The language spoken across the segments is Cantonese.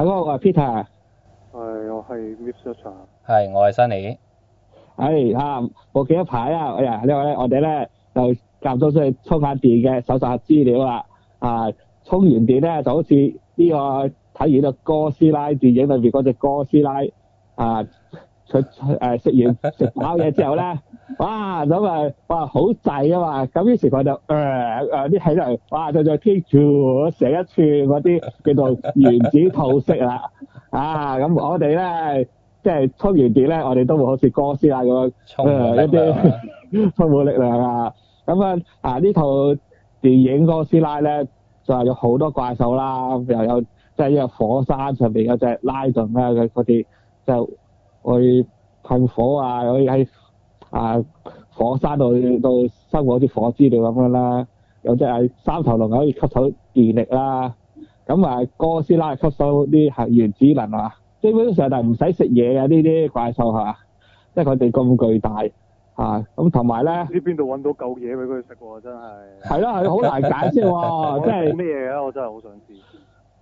係，我係 Peter。係，hey, um, 我係 MythSearcher。係，我係 Sunny。係啊，我幾多排啊？呀，呢個咧，我哋咧就夾唔出去充下電嘅，搜索下資料啦。啊，充完電咧就好似呢、這個睇完個哥斯拉電影裏邊嗰隻哥斯拉啊，佢誒食完食飽嘢之後咧。 哇！咁啊、呃呃呃，哇好滯啊嘛！咁於是佢就誒啲啲起嚟，哇再再添住成一串嗰啲叫做原子吐息啦！ 啊咁我哋咧即係充完電咧，我哋都會好似哥斯拉咁樣充一啲充滿力量啊！咁啊啊呢套電影哥斯拉咧就係有好多怪獸啦，又有即係火山上面有隻拉頓啊，佢啲哋就會噴火啊，可以喺～啊！火山度到收嗰啲火資料咁樣啦，有隻係三頭龍可以吸收電力啦、啊。咁啊，哥斯拉吸收啲核原子能啊。基本上就唔使食嘢啊。呢啲怪獸係嘛？即係佢哋咁巨大嚇。咁同埋咧，唔知邊度搵到舊嘢俾佢食喎？真係係啦係好難解釋喎、啊！即係咩嘢啊？我真係好想知。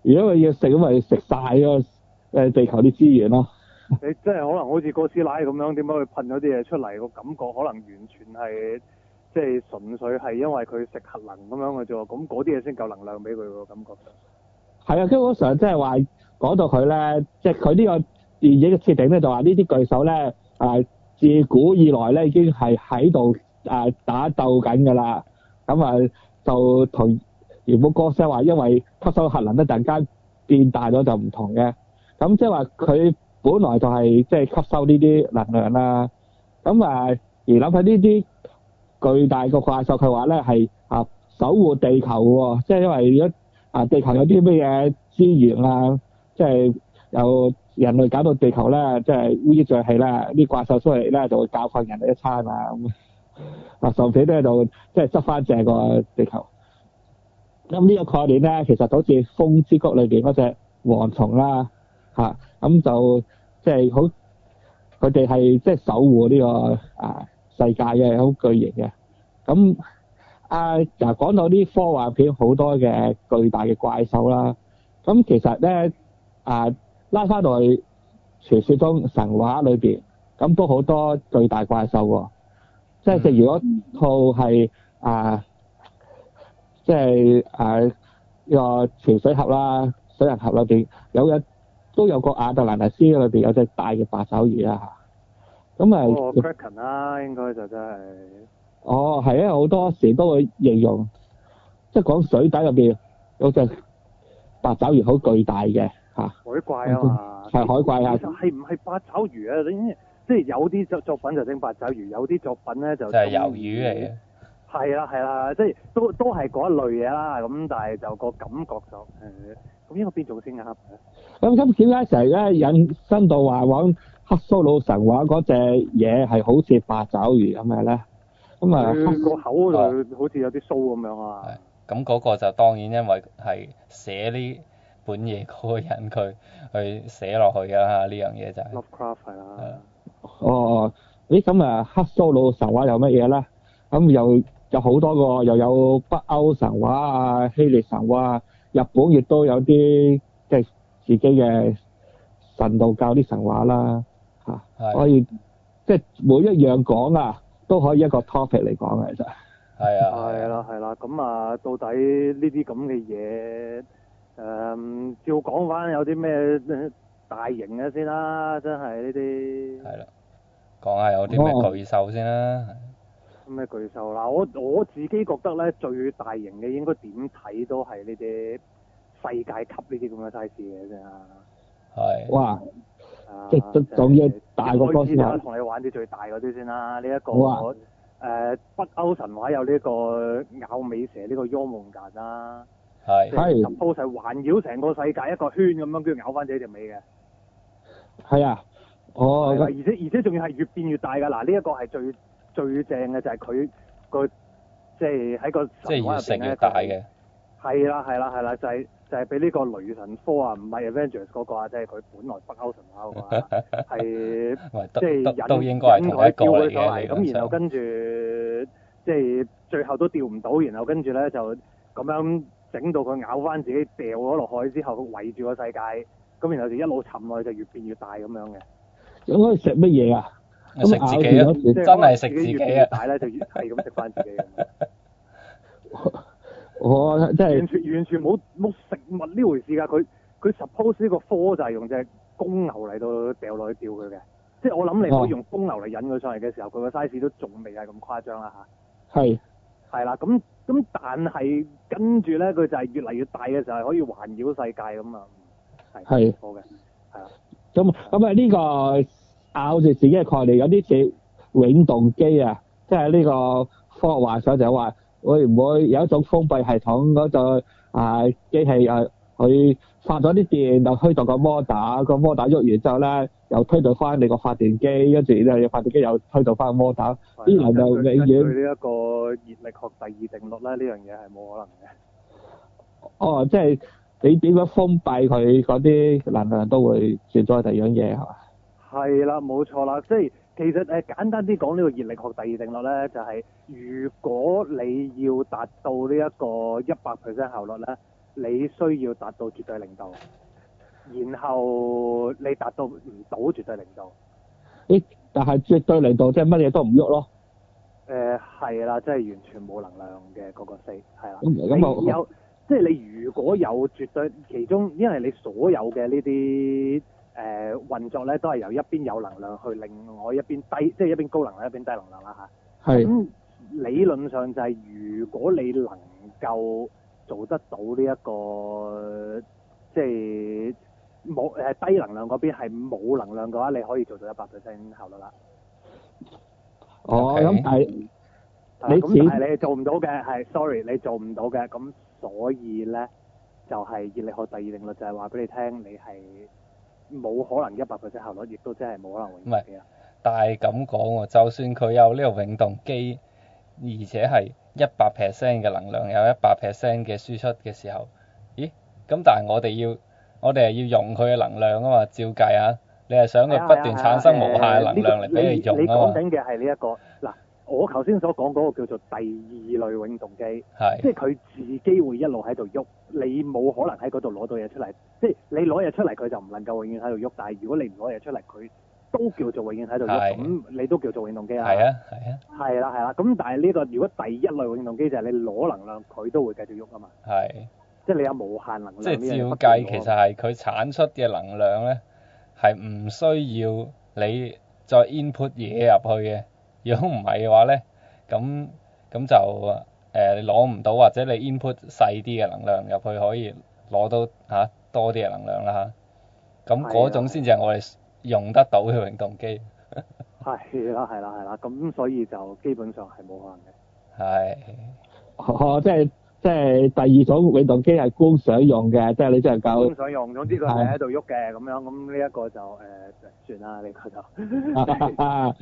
如果佢要食，咁咪食晒個地球啲資源咯、啊。 你真係可能好似哥斯拉咁樣，點解佢噴咗啲嘢出嚟？個感覺可能完全係即係純粹係因為佢食核能咁樣嘅啫。咁嗰啲嘢先夠能量俾佢個感覺。係啊，基本上即係話講到佢咧，即係佢呢個電影嘅設定咧，就話呢啲巨獸咧、呃、自古以來咧已經係喺度啊打鬥緊噶啦。咁啊就同如果哥斯拉因為吸收核能呢，突然間變大咗就唔同嘅。咁即係話佢。本來就係即係吸收呢啲能量啦，咁啊而諗下呢啲巨大個怪獸佢話咧係啊守護地球嘅，即係因為如果啊地球有啲咩嘢資源啊，即係有人類搞到地球咧，即係污染咗氣啦，啲怪獸出嚟咧就會教訓人哋一餐啊咁啊，甚至咧就即係執翻正個地球。咁呢個概念咧，其實好似《風之谷》裏邊嗰隻王蟲啦，吓。咁就即係好，佢哋係即係守護呢個啊世界嘅好巨型嘅。咁啊，嗱、啊、講、啊、到啲科幻片好多嘅巨大嘅怪獸啦。咁其實咧啊，拉翻落去傳說中神話裏邊，咁都好多巨大怪獸喎、喔。即、嗯、係就是、如果套係啊，即、就、係、是、啊呢個潛水俠啦、水人俠裏入有一。都有個亞特蘭蒂斯裏邊有隻大嘅八、哦就是哦啊就是，八,八爪魚啊。吓，咁啊，哦 Kraken 啦，應該就真係，哦係啊，好多時都會形容，即係講水底入邊有隻八爪魚好巨大嘅吓，海怪啊嘛，係海怪啊，其實係唔係八爪魚啊？你即係有啲作作品就整八爪魚，有啲作品咧就就係、是、魷魚嚟嘅，係啦係啦，即係、啊、都都係嗰一類嘢啦，咁但係就個感覺就。咁呢個邊做先啊？咁今次解成日咧引申到話玩克蘇魯神話嗰隻嘢，係好似八爪魚咁嘅咧？咁啊，個口就好似有啲鬚咁樣啊？咁、嗯、嗰、哦、個就當然因為係寫呢本嘢、啊這個人佢去寫落去噶啦，呢樣嘢就。Lovecraft 係係啦。哦哦，咁、嗯、啊，克蘇魯神話有乜嘢咧？咁、嗯、又，又有好多個，又有北歐神話啊、希臘神話。日本亦都有啲即係自己嘅神道教啲神話啦，嚇可以即係每一樣講啊都可以一個 topic 嚟講嘅。其實係啊係啦，係啦，咁 啊到底呢啲咁嘅嘢誒，照講翻有啲咩大型嘅先啦、啊，真係呢啲係啦，講下有啲咩巨獸先啦、啊。咩巨獸啦、啊？我我自己覺得咧，最大型嘅應該點睇都係呢啲世界級呢啲咁嘅 size 嘅啫。係、嗯。哇！即係都講咗大個波先啦。同你玩啲最大嗰啲先啦、啊。呢、這、一個誒、呃、北歐神話有呢個咬尾蛇呢、這個幽夢達啦。係。即係十鋪勢環繞成個世界一個圈咁樣，跟住咬翻自己條尾嘅。係啊！哦。啊、而且而且仲要係越變越大㗎。嗱、啊，呢、這、一個係最。最正嘅就係佢個即係喺個神話入邊嘅，係啦係啦係啦，就係就係俾呢個雷神科啊，唔係 Avengers 嗰個啊，即係佢本來北歐神話啊嘛，係即係引佢吊佢上嚟，咁 然後跟住即係最後都吊唔到，然後跟住咧就咁樣整到佢咬翻自己掉咗落海之後圍住個世界，咁然後就一路沉落去就越變越大咁樣嘅。咁佢食乜嘢啊？咁、嗯、食自己啊！真係食自，自己越來越大咧就越係咁食翻自己嘅。 我真係完全完全冇冇食物呢回事噶。佢佢 suppose 呢個科就係用隻公牛嚟到掉落去釣佢嘅。即係我諗，你可以用公牛嚟引佢上嚟嘅時候，佢、哦、個 size 都仲未係咁誇張啦吓，係。係啦，咁咁但係跟住咧，佢就係越嚟越大嘅時候，可以環繞世界咁啊。係、嗯。好嘅。係啦。咁咁啊呢個。搞住自己嘅概念，有啲似永動機啊！即係呢個科學上就話，會唔會有一種封閉系統嗰個機器啊，佢、啊、發咗啲電就推動個摩打。個摩打喐完之後咧，又推動翻你個發電機，跟住咧又發電機又推動翻個摩打。啲人就永遠呢一個熱力學第二定律咧，呢樣嘢係冇可能嘅。哦，即係你點樣封閉佢嗰啲能量都會轉咗去第二樣嘢，係嘛？係啦，冇錯啦，即係其實誒、呃、簡單啲講呢個熱力學第二定律咧，就係、是、如果你要達到呢一個一百 percent 效率咧，你需要達到絕對零度，然後你達到唔到絕對零度。咦？但係絕對零度即係乜嘢都唔喐咯？誒、呃，係啦，即係完全冇能量嘅嗰個四，係啦。咁、嗯、有、嗯、即係你如果有絕對，其中因為你所有嘅呢啲。誒、呃、運作咧都係由一邊有能量去，另外一邊低，即係一邊高能量一邊低能量啦嚇。係。咁理論上就係，如果你能夠做得到呢、這、一個，即係冇低能量嗰邊係冇能量嘅話，你可以做到一百 percent 效率啦。我諗係你你係做唔到嘅，係 sorry，你做唔到嘅。咁所以咧，就係、是、熱力學第二定律就係話俾你聽，你係。冇可能一百 percent 效率，亦都真係冇可能會永動機啊！但係咁講喎，就算佢有呢個永動機，而且係一百 percent 嘅能量，有一百 percent 嘅輸出嘅時候，咦？咁但係我哋要，我哋係要用佢嘅能量啊嘛？照計啊，你係想佢不斷產生無限嘅能量嚟俾你用啊嘛？你講緊嘅係呢一個嗱。我頭先所講嗰個叫做第二類永動機，係即係佢自己會一路喺度喐，你冇可能喺嗰度攞到嘢出嚟。即係你攞嘢出嚟，佢就唔能夠永遠喺度喐。但係如果你唔攞嘢出嚟，佢都叫做永遠喺度喐，咁你都叫做永動機啊。係啊，係啊，係啦，係啦。咁但係呢個如果第一類永動機就係你攞能量，佢都會繼續喐啊嘛。係，即係你有無限能量。即係照計，其實係佢產出嘅能量咧，係唔需要你再 input 嘢入去嘅。如果唔係嘅話咧，咁咁就、呃、你攞唔到或者你 input 細啲嘅能量入去，可以攞到嚇、啊、多啲嘅能量啦。咁、啊、嗰種先至係我哋用得到嘅永動機。係啦，係啦，係啦，咁所以就基本上係冇可能嘅。係、哦。即係即係第二種永動機係觀賞用嘅，即係你真係夠。觀賞用，總之佢係喺度喐嘅咁樣，咁呢一個就誒算啦，呢個就。呃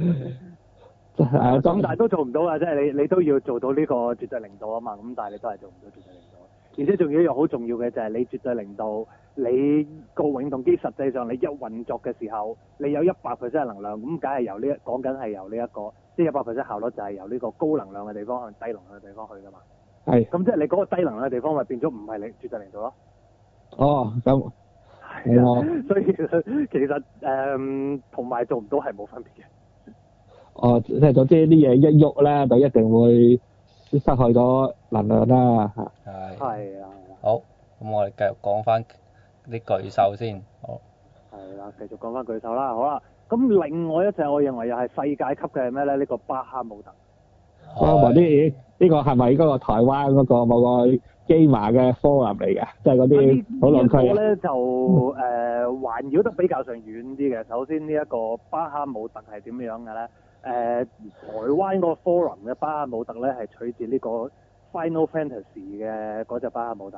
咁 但係都做唔到啊！即、就、係、是、你你都要做到呢個絕對零度啊嘛。咁但係你都係做唔到絕對零度。而且仲有一樣好重要嘅就係你絕對零度，你個永動機實際上你一運作嘅時候，你有一百 percent 嘅能量，咁梗係由呢講緊係由呢、這、一個即係一百 percent 效率就係由呢個高能量嘅地方向低能量嘅地方去噶嘛。係。咁即係你嗰個低能量嘅地方咪變咗唔係你絕對零度咯？哦，咁係啊。所以 其實誒，同、嗯、埋做唔到係冇分別嘅。哦，即係總之啲嘢一喐咧，就一定會都失去咗能量啦。係係啊，好，咁我哋繼續講翻啲巨獸先。哦，係啦，繼續講翻巨獸啦。好啦，咁另外一隻我認為又係世界級嘅係咩咧？呢個巴哈姆特。哦，唔知呢個係咪嗰個台灣嗰個某個基馬嘅科林嚟嘅，即係嗰啲好冷區。我咧就誒環繞得比較上遠啲嘅。首先呢一個巴哈姆特係點樣嘅咧？誒、呃、台灣個 forum 嘅巴哈姆特咧，係取自呢個 Final Fantasy 嘅嗰隻巴哈姆特。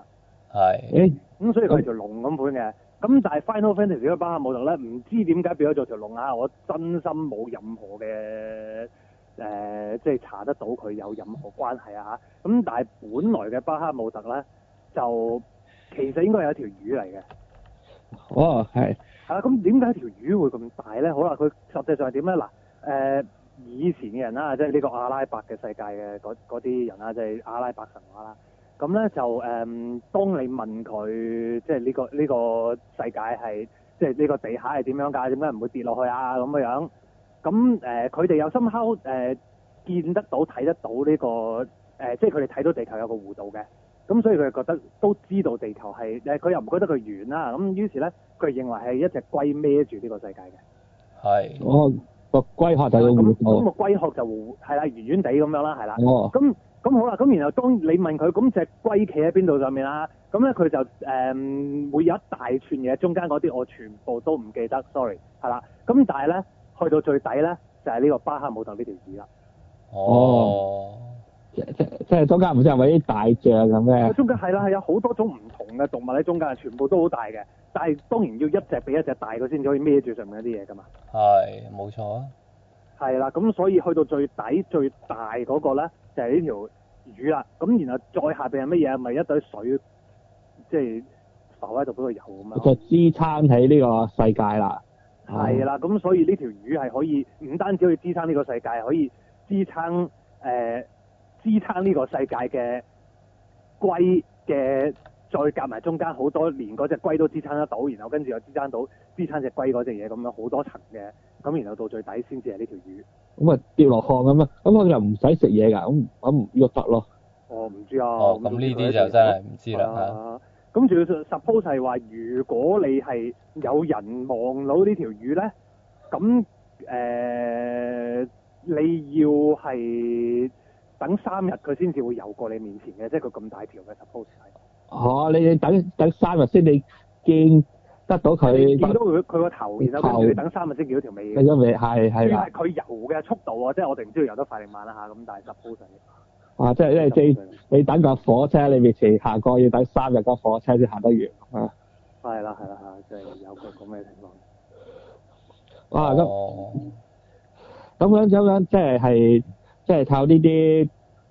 係。誒、嗯，咁所以佢係條龍咁款嘅。咁、嗯、但係 Final Fantasy 嘅巴哈姆特咧，唔知點解變咗做條龍啊！我真心冇任何嘅誒、呃，即係查得到佢有任何關係啊！咁但係本來嘅巴哈姆特咧，就其實應該係一條魚嚟嘅。哦，係。啊，咁點解條魚會咁大咧？好啦，佢實際上係點咧？嗱、呃，誒。以前嘅人啦，即係呢個阿拉伯嘅世界嘅嗰啲人啦，即係阿拉伯神話啦。咁咧就誒，當你問佢，即係呢個呢個世界係，即係呢個地下係點樣㗎？點解唔會跌落去啊？咁樣樣。咁誒，佢哋有深刻誒，見得到睇得到呢個誒，即係佢哋睇到地球有個弧度嘅。咁所以佢哋覺得都知道地球係誒，佢又唔覺得佢圓啦。咁於是咧，佢認為係一隻龜孭住呢個世界嘅。係。我。Oh. 龜，嗯，那個龜殼就咁，咁個龜殼就係啦，圓圓地咁樣啦，係啦。咁、哦、咁好啦，咁然後當你問佢，咁隻龜企喺邊度上面啦？咁咧佢就誒、嗯、會有一大串嘢，中間嗰啲我全部都唔記得，Sorry，係啦。咁但係咧，去到最底咧就係、是、呢個巴哈姆特呢條蛇。哦。即即即係中間唔知係咪啲大象咁嘅？中間係啦，係有好多種唔同嘅動物喺中間，全部都好大嘅。但係當然要一隻比一隻大，佢先至可以孭住上面啲嘢噶嘛。係，冇錯啊。係啦，咁所以去到最底最大嗰個咧，就係、是、呢條魚啦。咁然後再下邊係乜嘢？咪、就是、一堆水，即、就、係、是、浮喺度嗰度遊啊嘛。就支撐起呢個世界啦。係啦，咁、嗯、所以呢條魚係可以唔單止可以支撐呢個世界，可以支撐誒、呃、支撐呢個世界嘅龜嘅。再夾埋中間好多連嗰隻龜都支撐得到，然後跟住又支撐到支撐隻龜嗰隻嘢，咁樣好多層嘅，咁然後到最底先至係呢條魚，咁啊跌落殼咁啊，咁佢又唔使食嘢㗎，咁咁肉得咯。我、嗯、唔知啊。咁呢啲就真係唔知啦。咁、啊、仲要 suppose 係話，如果你係有人望到條呢條魚咧，咁誒、呃、你要係等三日佢先至會遊過你面前嘅，即係佢咁大條嘅 suppose 哦，你你等等三日先你見得到佢，見到佢佢個頭，然後等三日先見到條尾。因為係，係係佢游嘅速度、就是、啊，即係我哋唔知佢游得快定慢啦吓咁但係 support 即係即即係你等架火車，你面前行過要等三日個火車先行得完。啊，係啦係啦即係有個咁嘅情況。啊，咁咁、哦、樣咁樣,樣即係係即係靠呢啲。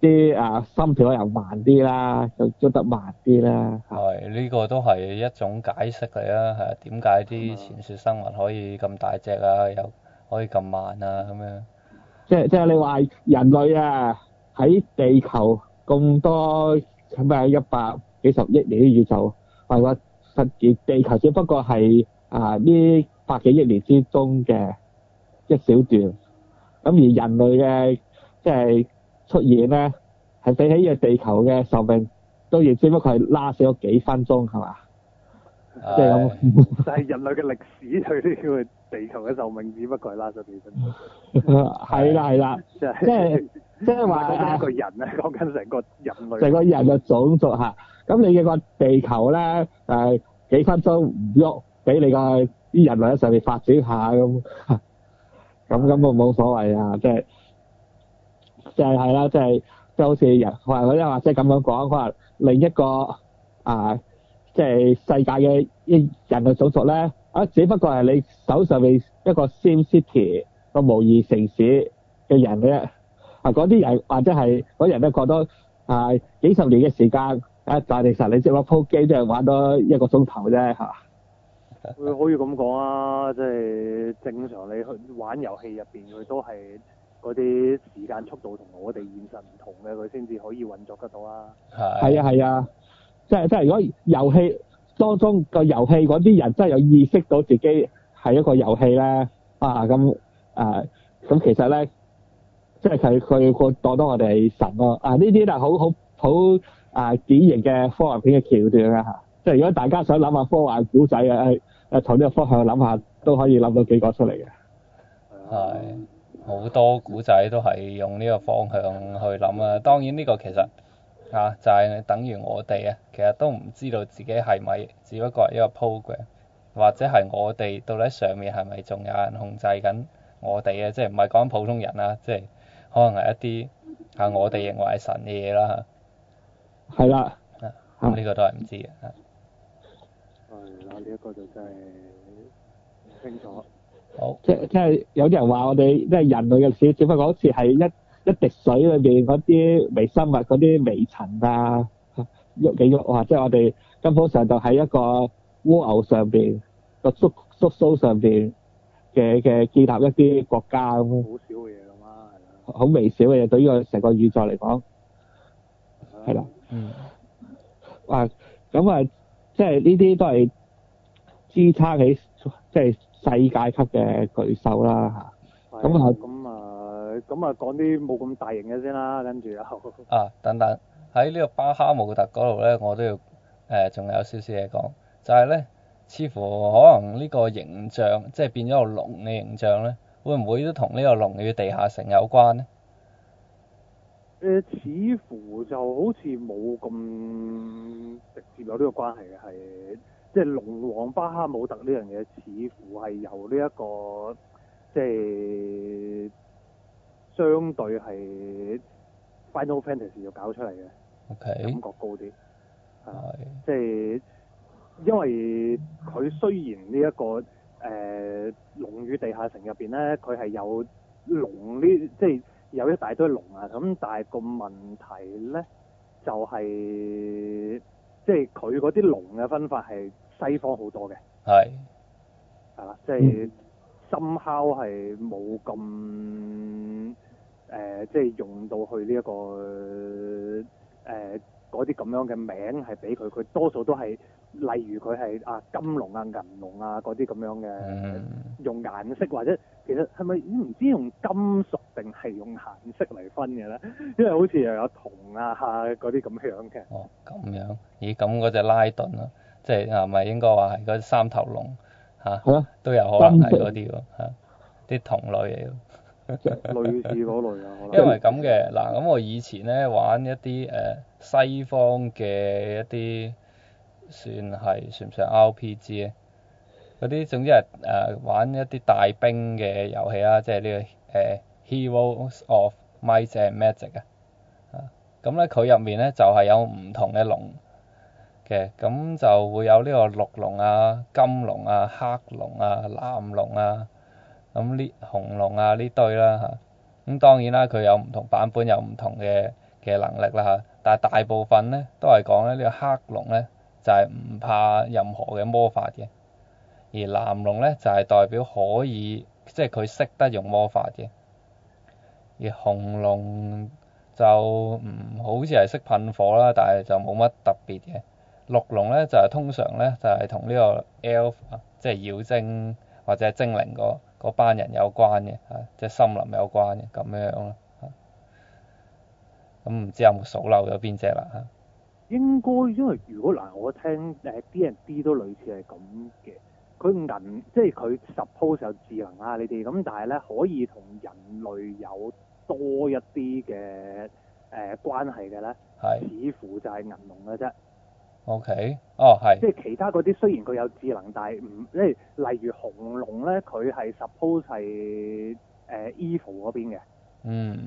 啲啊心跳又慢啲啦，又走得慢啲啦嚇。係呢個都係一種解釋嚟啦，係點解啲傳說生物可以咁大隻啊，又可以咁慢啊咁樣？即係即係你話人類啊喺地球咁多唔係一百幾十億年啲宇宙，係話實地地球只不過係啊呢百幾億年之中嘅一小段，咁而人類嘅即係。出現咧，係比起個地球嘅壽命，當然只不過係拉死咗幾分鐘，係嘛？即係咁，但、就、係、是就是、人類嘅歷史，佢呢個地球嘅壽命只不過係拉咗幾分鐘。係、哎、啦，係啦，即係、就是、即係話一個人咧，講緊成個人類，成個人嘅種族吓。咁、啊、你嘅個地球咧，誒、啊、幾分鐘唔喐，俾你個啲人類喺上面發展下咁，咁咁我冇所謂啊，即係。就係啦，即係，就好似人，佢話或者咁樣講，可能另一個啊，即係世界嘅一人類種族咧，啊只不過係你手上嘅一個 Sim City 個模擬城市嘅人嘅啊，嗰啲人或者係嗰人都覺得啊，幾十年嘅時間啊，但係其實你即係攞部機都係玩多一個鐘頭啫嚇。可以咁講啊，即係正常你去玩遊戲入邊，佢都係。嗰啲時間速度同我哋現實唔同嘅，佢先至可以運作得到啊！係啊係啊，即係即係，如果遊戲當中個遊戲嗰啲人真係有意識到自己係一個遊戲咧啊咁啊咁，其實咧即係佢佢個當當我哋係神咯啊！呢啲都係好好好啊典型嘅科幻片嘅橋段啊！即係如果大家想諗下科幻古仔啊，誒誒從呢個方向諗下都可以諗到幾個出嚟嘅。係啊。好多古仔都係用呢個方向去諗啊！當然呢個其實嚇、啊、就係等於我哋啊，其實都唔知道自己係咪只不過係一個 program，或者係我哋到底上面係咪仲有人控制緊我哋啊？即係唔係講普通人啦，即係可能係一啲嚇我哋認為係神嘅嘢啦吓，係啦。呢個都係唔知嘅、啊啊。係啦，呢一個就真係唔清楚。哦、即即係有啲人話我哋即係人類嘅歷史，只不過好似係一一滴水裏面嗰啲微生物，嗰啲微塵啊，喐幾喐啊！即係我哋根本上就喺一個蝸牛上邊個叔叔縮上邊嘅嘅建立一啲國家咁。好少嘅嘢啦，係啊！好微小嘅嘢，對呢個成個宇宙嚟講，係啦。嗯。哇！咁啊，即係呢啲都係支撐起，即係。世界級嘅巨獸啦嚇，咁啊咁啊咁啊講啲冇咁大型嘅先啦，跟住又啊等等喺呢個巴哈姆特嗰度咧，我都要誒仲、呃、有少少嘢講，就係、是、咧似乎可能呢個形象即係變咗個龍嘅形象咧，會唔會都同呢個龍與地下城有關呢？誒、呃，似乎就好似冇咁直接有呢個關係嘅係。即係龍王巴哈姆特呢樣嘢，似乎係由呢、這、一個即係、就是、相對係 Final Fantasy 又搞出嚟嘅，感、okay。覺高啲。係，即、啊、係、就是、因為佢雖然呢、這、一個誒龍與地下城入邊咧，佢係有龍呢，即係有，就是、有一大堆龍啊，咁但係個問題咧就係、是。即係佢嗰啲龍嘅分法係西方好多嘅，係係啦，即係 somehow 係冇咁誒，即係用到去呢、這、一個誒。呃嗰啲咁樣嘅名係俾佢，佢多數都係例如佢係啊金龍啊銀龍啊嗰啲咁樣嘅、嗯、用顏色或者其實係咪唔知用金屬定係用顏色嚟分嘅咧？因為好似又有銅啊嗰啲咁樣嘅，哦咁樣咦咁嗰隻拉頓啊，即係係咪應該話係嗰三頭龍嚇、啊、都有可能係嗰啲喎啲銅類嚟嘅。 類似嗰類啊，因為咁嘅嗱，咁我以前咧玩一啲誒西方嘅一啲算係算唔算 RPG 啊？嗰啲總之係誒玩一啲大兵嘅遊戲啦，即係呢個誒 Heroes of Might and Magic 啊。咁咧佢入面咧就係、是、有唔同嘅龍嘅，咁就會有呢個綠龍啊、金龍啊、黑龍啊、藍龍啊。咁呢紅龍啊，呢堆啦嚇。咁當然啦，佢有唔同版本，有唔同嘅嘅能力啦嚇，但係大部分咧都係講咧呢個黑龍咧就係、是、唔怕任何嘅魔法嘅，而藍龍咧就係、是、代表可以即係佢識得用魔法嘅，而紅龍就唔好似係識噴火啦，但係就冇乜特別嘅，綠龍咧就係、是、通常咧就係同呢個 elf 即係妖精。或者精靈嗰班人有關嘅，係即係森林有關嘅咁樣咯，嚇咁唔知有冇數漏咗邊隻啦、啊、嚇？應該因為如果嗱，我聽誒 D&D 都類似係咁嘅，佢銀即係佢 suppose 有智能啊你哋。咁但係咧可以同人類有多一啲嘅誒關係嘅咧，係似乎就係銀龍嘅啫。O K，哦係，即係其他嗰啲雖然佢有智能，但係唔即係例如紅龍咧，佢係 suppose 係誒 evil 嗰邊嘅，嗯、呃，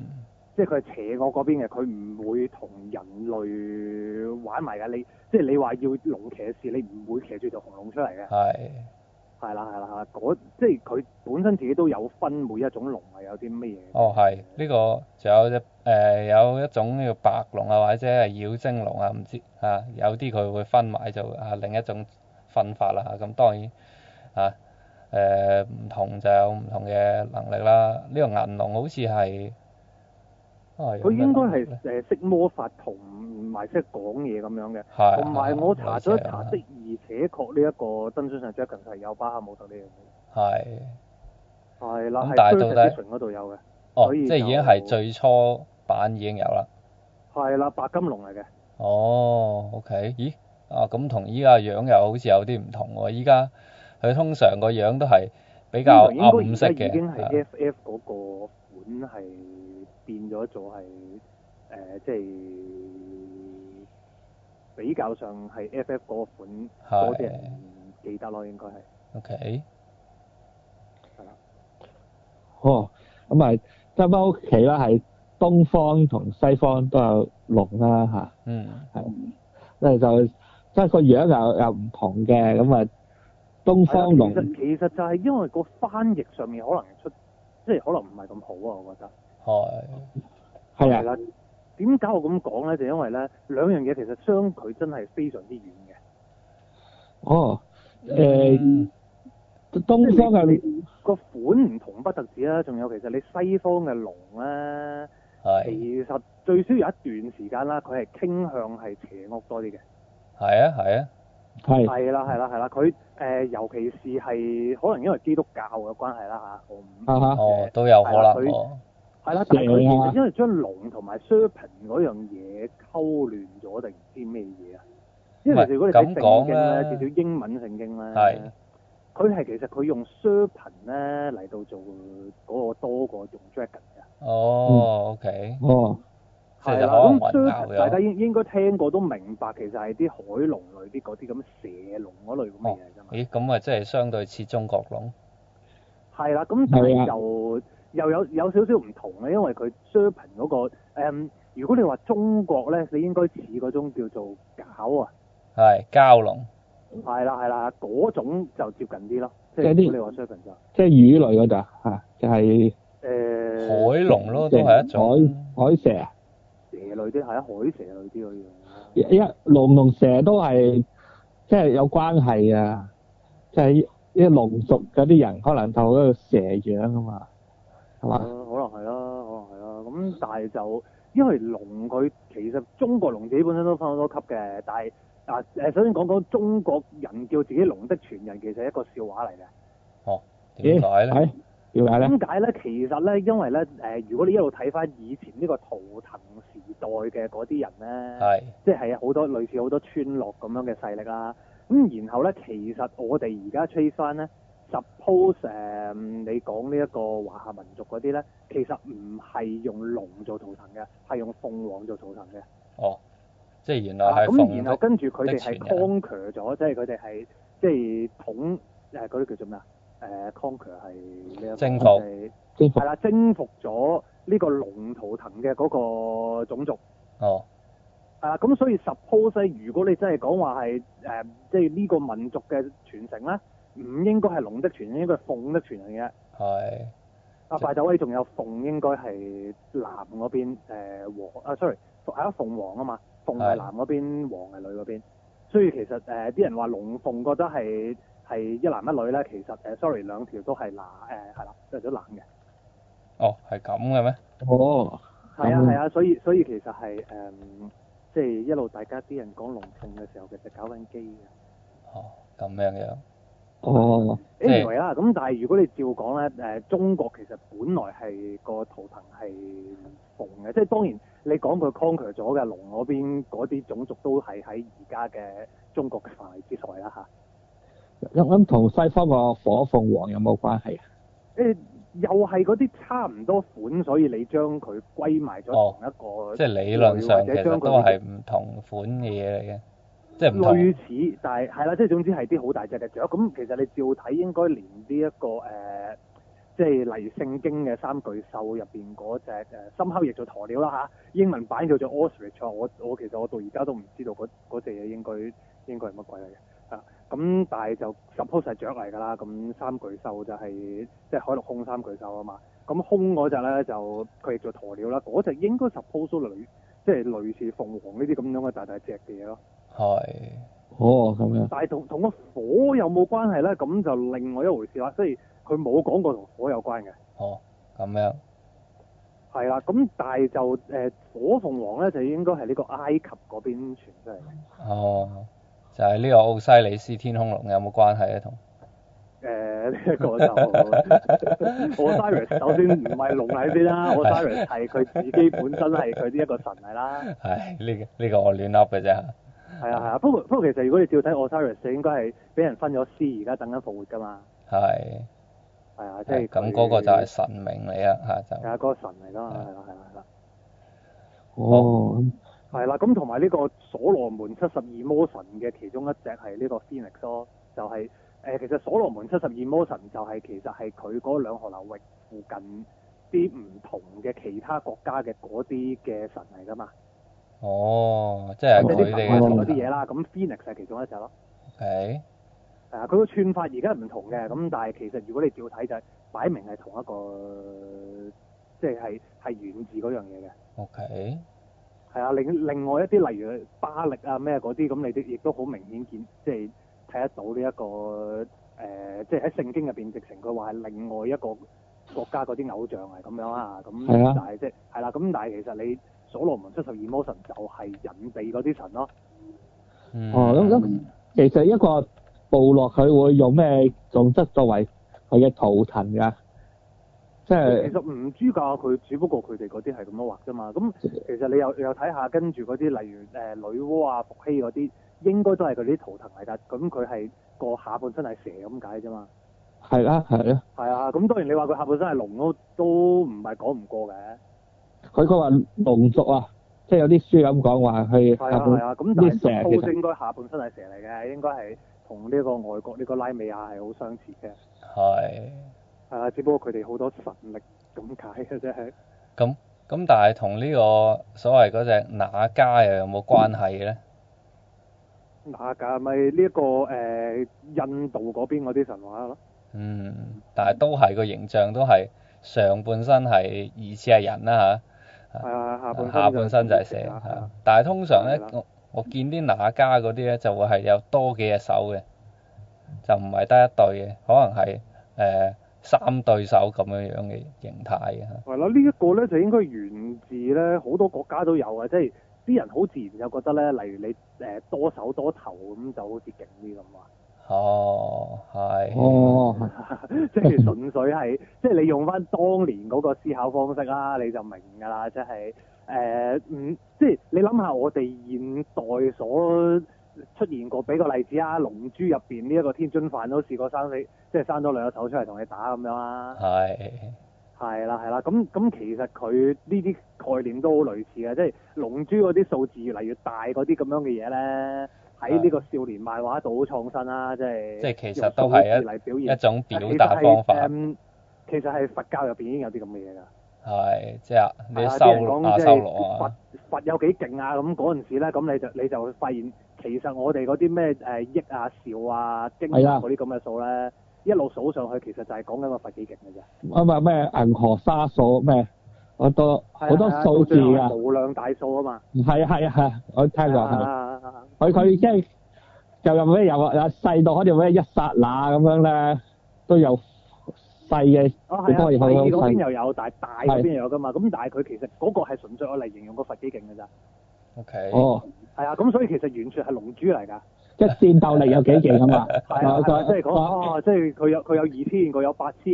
即係佢係邪惡嗰邊嘅，佢、mm. 唔會同人類玩埋噶，你即係你話要龍騎士，你唔會騎住條紅龍出嚟嘅，係。 係啦，係啦，嗰即係佢本身自己都有分每一種龍係有啲咩嘢。哦，係，呢、這個仲有隻誒、呃、有一種叫白龍啊，或者係妖精龍啊，唔知啊，有啲佢會分埋做啊另一種分法啦、啊。咁當然啊誒唔、呃、同就有唔同嘅能力啦。呢、這個銀龍好似係。佢、啊、應該係誒識魔法同埋識講嘢咁樣嘅，同埋、啊啊、我查咗一查的而且確呢一個登場上 dragon 係有巴哈姆特呢樣嘢。係。係啦，但係到底。嗰度有嘅。哦，即係已經係最初版已經有啦。係啦、啊，白金龍嚟嘅。哦，OK，咦？啊，咁同依家樣又好似有啲唔同喎、啊。依家佢通常個樣都係比較啊暗色嘅。已經係 FF 嗰個款係。是啊。變咗做係誒、呃，即係比較上係 F F 嗰款，多啲人記得咯，應該係 OK 係咯。哦，咁啊，執翻屋企啦，係東方同西方都有龍啦，吓嗯，係，即係就即係個樣又又唔同嘅，咁啊。東方龍其、其實就係因為個翻譯上面可能係出，即係、就是、可能唔係咁好啊，我覺得。係係啦，點解我咁講咧？就因為咧兩樣嘢，其實相距真係非常之遠嘅。哦、oh, 欸，誒、嗯，東方嘅個款唔同不特止啦、啊。仲有其實你西方嘅龍咧，其實最少有一段時間啦，佢係傾向係邪惡多啲嘅。係啊，係啊，係係啦，係啦，係啦、啊。佢誒、呃，尤其是係可能因為基督教嘅關係啦吓，吓吓、uh -huh. 哦、都有可能。係啦，但係其實因為將龍同埋 serpent 嗰樣嘢溝亂咗定唔知咩嘢啊？因為如果你睇聖經咧，至少英文聖經咧，佢係其實佢用 serpent 咧嚟到做嗰個多過用 dragon 嘅。哦，OK，哦，係啦，咁 serpent 大家應應該聽過都明白，其實係啲海龍類啲嗰啲咁蛇龍嗰類咁嘅嘢啫嘛。咦，咁啊，即係相對似中國龍。係啦，咁佢就。又有有少少唔同咧，因為佢 serpent 嗰個誒，如果你話中國咧，你應該似嗰種叫做蛟啊，係蛟龍，係啦係啦，嗰種就接近啲咯，即係如果你話 serpent 就即係魚類嗰度嚇，就係誒海龍咯，定係一種海海蛇蛇類啲係啊，海蛇類啲嗰樣一龍同蛇都係即係有關係啊！即係一龍族嗰啲人可能透過蛇樣啊嘛～係嘛、啊？可能係啦、啊，可能係啦、啊。咁、嗯、但係就因為龍佢其實中國龍自己本身都分好多級嘅，但係嗱誒，首先講講中國人叫自己龍的傳人，其實係一個笑話嚟嘅。哦，點解咧？點解咧？點解咧？其實咧，因為咧誒，如果你一路睇翻以前呢個圖騰時代嘅嗰啲人咧，係即係好多類似好多村落咁樣嘅勢力啦、啊。咁、嗯、然後咧，其實我哋而家吹翻咧。suppose 誒、uh，你講呢一個華夏民族嗰啲咧，其實唔係用龍做圖騰嘅，係用鳳凰做圖騰嘅。哦，即係原來係咁、啊、然後跟住佢哋係 conquer 咗，即係佢哋係即係統誒嗰啲叫做咩啊？誒、呃、conquer 係咩征服，征服。係啦，征服咗呢個龍圖騰嘅嗰個種族。哦。啊，咁所以 suppose，如果你真係講話係誒，即係呢個民族嘅傳承咧。唔應該係龍的傳，應該係鳳的傳人嘅。係。阿、啊、拜斗威仲有鳳，應該係男嗰邊誒、呃、啊，sorry，係一鳳凰啊鳳凰嘛，鳳係男嗰邊，凰係女嗰邊。所以其實誒啲人話龍鳳覺得係係一男一女咧，其實、呃、s o r r y 兩條都係乸誒，係、呃、啦，都係都男嘅。哦，係咁嘅咩？哦。係啊係啊，所以所以其實係誒，即、嗯、係、就是、一路大家啲人講龍鳳嘅時候，其實搞緊機嘅。哦，咁樣樣。哦，誒唔係啦，咁但係如果你照講咧，誒中國其實本來係個圖騰係鳳嘅，即係當然你講佢 conquer 咗嘅龍嗰邊嗰啲種族都係喺而家嘅中國嘅範圍之內啦嚇。咁咁同西方個火鳳凰有冇關係？嗯、又係嗰啲差唔多款，所以你將佢歸埋咗同一個、哦，即係理論上其實都係唔同款嘅嘢嚟嘅。類似，但係係啦，即係總之係啲好大隻嘅雀。咁其實你照睇應該連呢、這、一個誒，即、呃、係例如聖經嘅三巨獸入邊嗰隻誒，深刻譯做鴕鳥啦嚇、啊，英文版叫做 ostrich。我我其實我到而家都唔知道嗰隻嘢應該應該係乜鬼嚟嘅啊。咁但係就 suppose 係雀嚟㗎啦。咁三巨獸就係、是、即係海陸空三巨獸啊嘛。咁空嗰隻咧就佢譯做鴕鳥啦。嗰隻應該 suppose 到類即係、就是、類似鳳凰呢啲咁樣嘅大大隻嘅嘢咯。係，哦咁樣。但係同同個火有冇關係咧？咁就另外一回事啦。所以佢冇講過同火有關嘅。哦，咁樣。係啦，咁但係就誒、呃，火鳳凰咧就應該係呢個埃及嗰邊傳出嚟。哦，就係、是、呢個奧西里斯天空龍有冇關係咧？同誒呢一個就，r 西里斯首先唔係龍喺先啦，奧 r 里 s 係佢自己本身係佢呢一個神嚟啦。係呢呢個我亂噏嘅啫。係啊係啊，不過不過其實如果你照睇 Osiris 應該係俾人分咗屍，而家等緊復活噶嘛。係、啊。係啊，即係。咁嗰、啊嗰個就係神明嚟啊，係就。係啊，嗰個神嚟啦，係啦係啦。哦、啊。係啦、啊，咁同埋呢個所羅門七十二魔神嘅其中一隻係呢個 Phoenix 咯、哦，就係、是、誒、欸、其實所羅門七十二魔神就係、是、其實係佢嗰兩河流域附近啲唔同嘅其他國家嘅嗰啲嘅神嚟噶嘛。哦，即係佢哋嗰啲嘢啦，咁、哦就係、Phoenix 就係其中一隻咯。O K。係啊，佢個串法而家唔同嘅，咁但係其實如果你照睇就係擺明係同一個即係係係源自嗰樣嘢嘅。O K。係啊，另另外一啲例如巴力啊咩嗰啲，咁你亦都好明顯見即係睇得到呢、這、一個誒、呃，即係喺聖經入邊直情佢話係另外一個國家嗰啲偶像係咁樣啊，咁就係即係啦。咁、啊、但係其實你。所羅門七十二魔神就係人哋嗰啲神咯、啊。哦、嗯、咁、嗯、咁，其實一個部落佢會用咩物質作為佢嘅圖騰㗎？即係其實唔知㗎。佢只不過佢哋嗰啲係咁樣的畫啫嘛。咁其實你又你又睇下跟着那些，跟住嗰啲例如誒女媧啊、伏羲嗰啲，應該都係佢啲圖騰嚟㗎。咁佢係個下半身係蛇咁解啫嘛。係啊，係啊，係啊，咁當然你話佢下半身係龍都都唔係講唔過嘅。佢佢話龍族啊，即係有啲書咁講話佢係啊，係啊。咁但係蛇其實應該下半身係蛇嚟嘅，應該係同呢個外國呢、這個拉美亞係好相似嘅。係。係啊，只不過佢哋好多神力咁解嘅啫。咁、就、咁、是，但係同呢個所謂嗰隻那迦又有冇關係咧？那迦咪呢一個印度嗰邊嗰啲神話咯。嗯，但係、這個呃嗯、都係、這個形象都係上半身係疑似係人啦、啊、嚇。啊係啊，下半身就係蛇嚇。但係通常咧、啊，我我見啲哪家嗰啲咧，就會係有多幾隻手嘅，就唔係得一對嘅，可能係誒、呃、三對手咁樣樣嘅形態嚇。係啦、啊，這個、呢一個咧就應該源自咧好多國家都有啊，即係啲人好自然就覺得咧，例如你誒多手多頭咁就好似勁啲咁啊。哦，係，哦，即係純粹係，即係你用翻當年嗰個思考方式啦，你就明㗎啦，即係誒，嗯，即係你諗下我哋現代所出現過，俾個例子啊，龍珠入面呢一個天津飯都試過生死，即係生咗兩個手出嚟同你打咁樣啦，係，係啦係啦，咁咁其實佢呢啲概念都好類似嘅，即係龍珠嗰啲數字越嚟越大嗰啲咁樣嘅嘢咧。喺呢個少年漫畫度創創新啦、啊，即係用故事嚟表現一，一種表達方法。其實係、嗯、佛教入面已經有啲咁嘅嘢㗎。係，即係你修阿修羅啊。啊就係、佛佛有幾勁啊？咁嗰陣時咧，咁你就你就會發現，其實我哋嗰啲咩誒億啊、兆啊、經啊嗰啲咁嘅數咧，一路數上去，其實就係講緊個佛幾勁嘅啫。啊咪咩銀河沙數咩？什麼好多好多數字啊，數字無量大數啊嘛。係啊係啊係，我聽過佢佢即係就用咩又話細到可能咩一剎那咁樣咧，都有細嘅。哦係啊，二嗰邊又有，但係大嗰邊又有噶嘛。咁、啊、但係佢其實嗰個係純粹我嚟形容個佛幾勁噶咋。O K。哦。係啊，咁所以其實完全係龍珠嚟噶。即係戰鬥力有幾勁啊嘛？即係講，哇、啊啊就是那個哦！即係佢有佢有二千，佢有八千，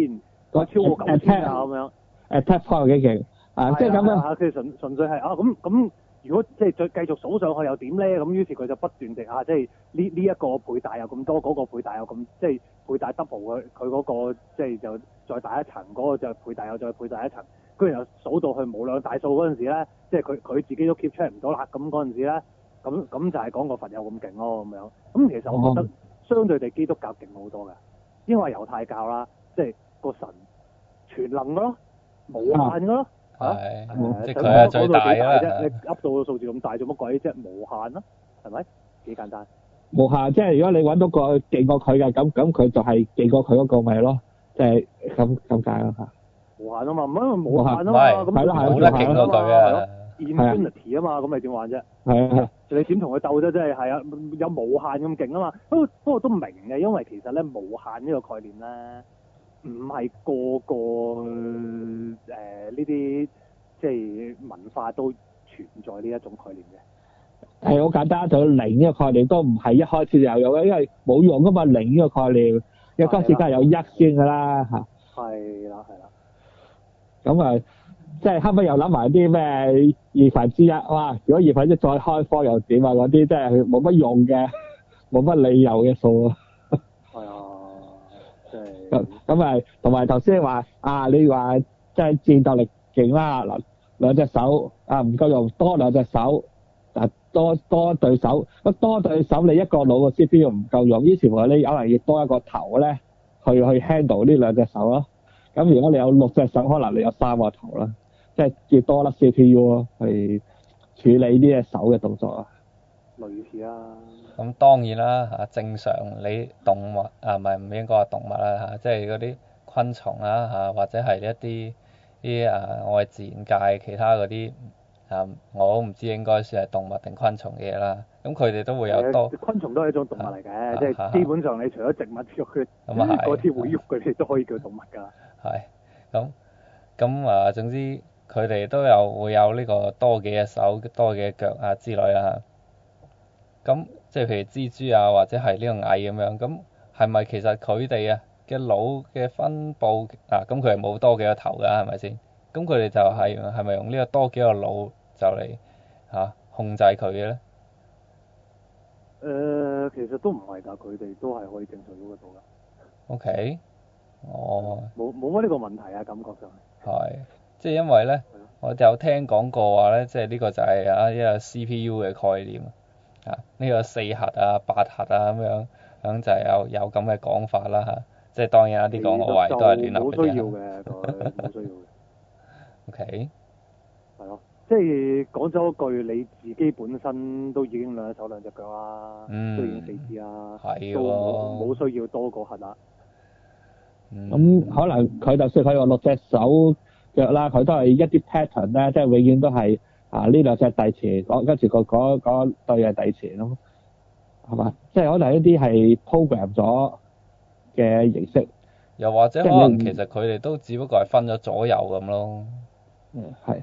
佢超過九千啊咁樣。Attack 有幾勁？啊啊啊啊啊啊即係咁樣啊，佢、啊啊、純純粹係啊，咁咁如果即係再繼續數上去又點咧？咁於是佢就不斷地啊，即係呢呢一個倍、這個、大又咁多，嗰、那個倍大又咁，即係倍大 double 佢佢嗰個，即係就再大一層，嗰、那個就倍大又再倍大一層，居然又數到去冇兩大數嗰陣時咧，即係佢佢自己都 keep check 唔到啦。咁嗰陣時咧，咁咁就係講個佛有咁勁咯，咁樣。咁其實我覺得相對地基督教勁好多嘅，因為猶太教啦，即係個神全能嘅咯，無限嘅咯。啊吓，即佢係最大啊！你噏到個數字咁大，做乜鬼啫？無限咯，係咪？幾簡單？無限即係如果你揾到個勁過佢嘅，咁咁佢就係勁過佢嗰個咪咯，即係咁咁解咯嚇。無限啊嘛，唔係冇限啊嘛，咁咪冇得勁過佢啊，infinity 啊嘛，咁咪點玩啫？係啊，你點同佢鬥啫？即係係啊，有無限咁勁啊嘛。不過不過都唔明嘅，因為其實咧無限呢個概念咧。唔係個個誒呢啲即係文化都存在呢一種概念嘅。係好簡單，就零呢個概念都唔係一開始就有嘅，因為冇用啊嘛。零呢個概念，因為嗰陣梗係有一先噶啦嚇。係啦，係啦。咁啊，即係後尾又諗埋啲咩二分之一哇！如果二分之一再開科又點啊？嗰啲真係冇乜用嘅，冇乜理由嘅數啊！咁咁咪同埋頭先話啊，你話即係戰鬥力勁啦，嗱兩隻手啊唔夠用，多兩隻手啊多多一對手，咁多對手你一個腦嘅 C P U 唔夠用，於是乎你可能要多一個頭咧去去 handle 呢兩隻手咯。咁如果你有六隻手，可能你有三個頭啦，即係要多粒 C P U 咯，去處理呢隻手嘅動作啊。類似啦，啊，咁當然啦嚇，正常你動物啊，唔係唔應該話動物啦嚇，即係嗰啲昆蟲啦，嚇、啊，或者係一啲啲啊我哋自然界其他嗰啲嚇，我唔知應該算係動物定昆蟲嘅嘢啦。咁佢哋都會有多，昆蟲都係一種動物嚟嘅，即係、就是、基本上你除咗植物之外嗰啲會郁嗰啲都可以叫動物㗎。係咁咁啊，總之佢哋都有會有呢個多幾隻手，多幾隻腳啊之類啦、啊。咁即係譬如蜘蛛啊，或者係呢個蟻咁樣，咁係咪其實佢哋啊嘅腦嘅分佈啊，咁佢係冇多幾個頭噶，係咪先？咁佢哋就係係咪用呢個多幾個腦就嚟嚇、啊、控制佢嘅咧？誒、呃，其實都唔係㗎，佢哋都係可以正常做得到㗎。OK，哦，冇冇乜呢個問題啊？感覺上係，係即係因為咧，我有聽講過話咧，即係呢個就係啊一個 C P U 嘅概念。呢、啊呢個四核啊、八核啊咁樣，咁就有有咁嘅講法啦嚇、啊。即係當然有啲講外圍都係亂嚟嘅。唔需要嘅，冇 需要嘅。O K。係咯，即係講咗一句，你自己本身都已經兩隻手兩隻腳啦，都已經四肢啦、哦，都冇需要多個核啦。咁、嗯、可能佢就算佢話六隻手腳啦，佢都係一啲 pattern 啦，即係永遠都係。啊！呢兩隻對詞，講跟住個嗰嗰對係對詞咯，係嘛？即係可能一啲係 program 咗嘅形式，又或者可能其實佢哋都只不過係分咗左右咁咯。嗯，係。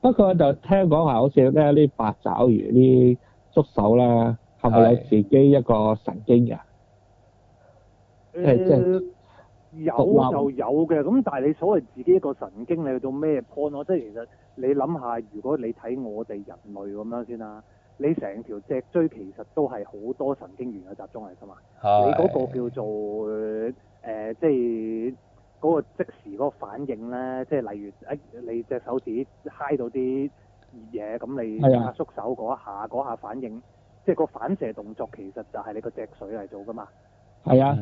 不過就聽講話好似呢啲八爪魚啲觸手啦，係咪有自己一個神經嘅？即係即係、嗯、有就有嘅，咁但係你所謂自己一個神經，你去到咩 point？即係其實。你諗下，如果你睇我哋人類咁樣先啦，你成條脊椎其實都係好多神經元嘅集中嚟㗎嘛。你嗰個叫做誒、呃，即係嗰個即時嗰個反應咧，即係例如一、呃、你隻手指嗨到啲嘢，咁你壓縮手嗰下嗰下反應，哎、即係個反射動作，其實就係你個脊髓嚟做㗎嘛。係啊，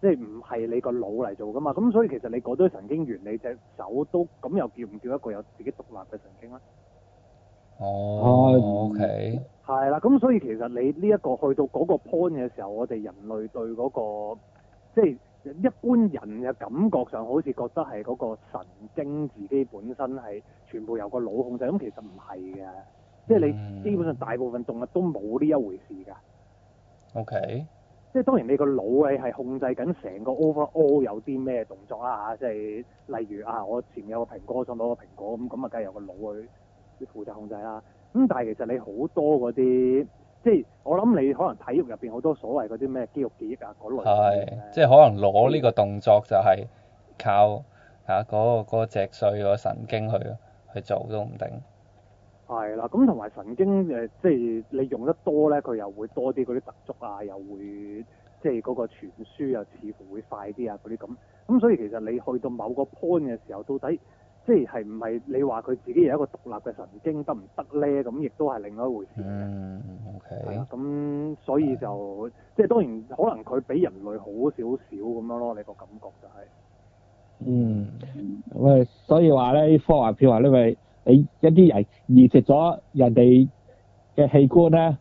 即係唔係你個腦嚟做噶嘛。咁所以其實你嗰堆神經元，你隻手都咁又叫唔叫一個有自己獨立嘅神經咧？哦，O K，係啦，咁、嗯 okay. 所以其實你呢、這、一個去到嗰個 point 嘅時候，我哋人類對嗰、那個即係、就是、一般人嘅感覺上，好似覺得係嗰個神經自己本身係全部由個腦控制，咁其實唔係嘅，即、嗯、係、就是、你基本上大部分動物都冇呢一回事噶。O K。即係當然，你個腦你係控制緊成個 over all 有啲咩動作啦嚇，即係例如啊，我前面有個蘋果，想攞個蘋果咁咁啊，梗係由個腦去負責控制啦、啊。咁但係其實你好多嗰啲，即係我諗你可能體育入面好多所謂嗰啲咩肌肉記憶啊嗰類啊，係即係可能攞呢個動作就係靠嗰、嗰個嗰個脊髓個神經去去做都唔定。係啦，咁同埋神經誒，即係你用得多咧，佢又會多啲嗰啲突觸啊，又會即係嗰個傳輸又似乎會快啲啊，嗰啲咁。咁所以其實你去到某個 point 嘅時候，到底即係係唔係你話佢自己有一個獨立嘅神經得唔得咧？咁亦都係另外一回事嗯、mm，OK。係啦，咁所以就、mm. 即係當然可能佢比人類好少少咁樣咯，你個感覺就係、是。嗯。喂，所以話咧，啲科幻片啊，呢味。你一啲人移植咗人哋嘅器官咧，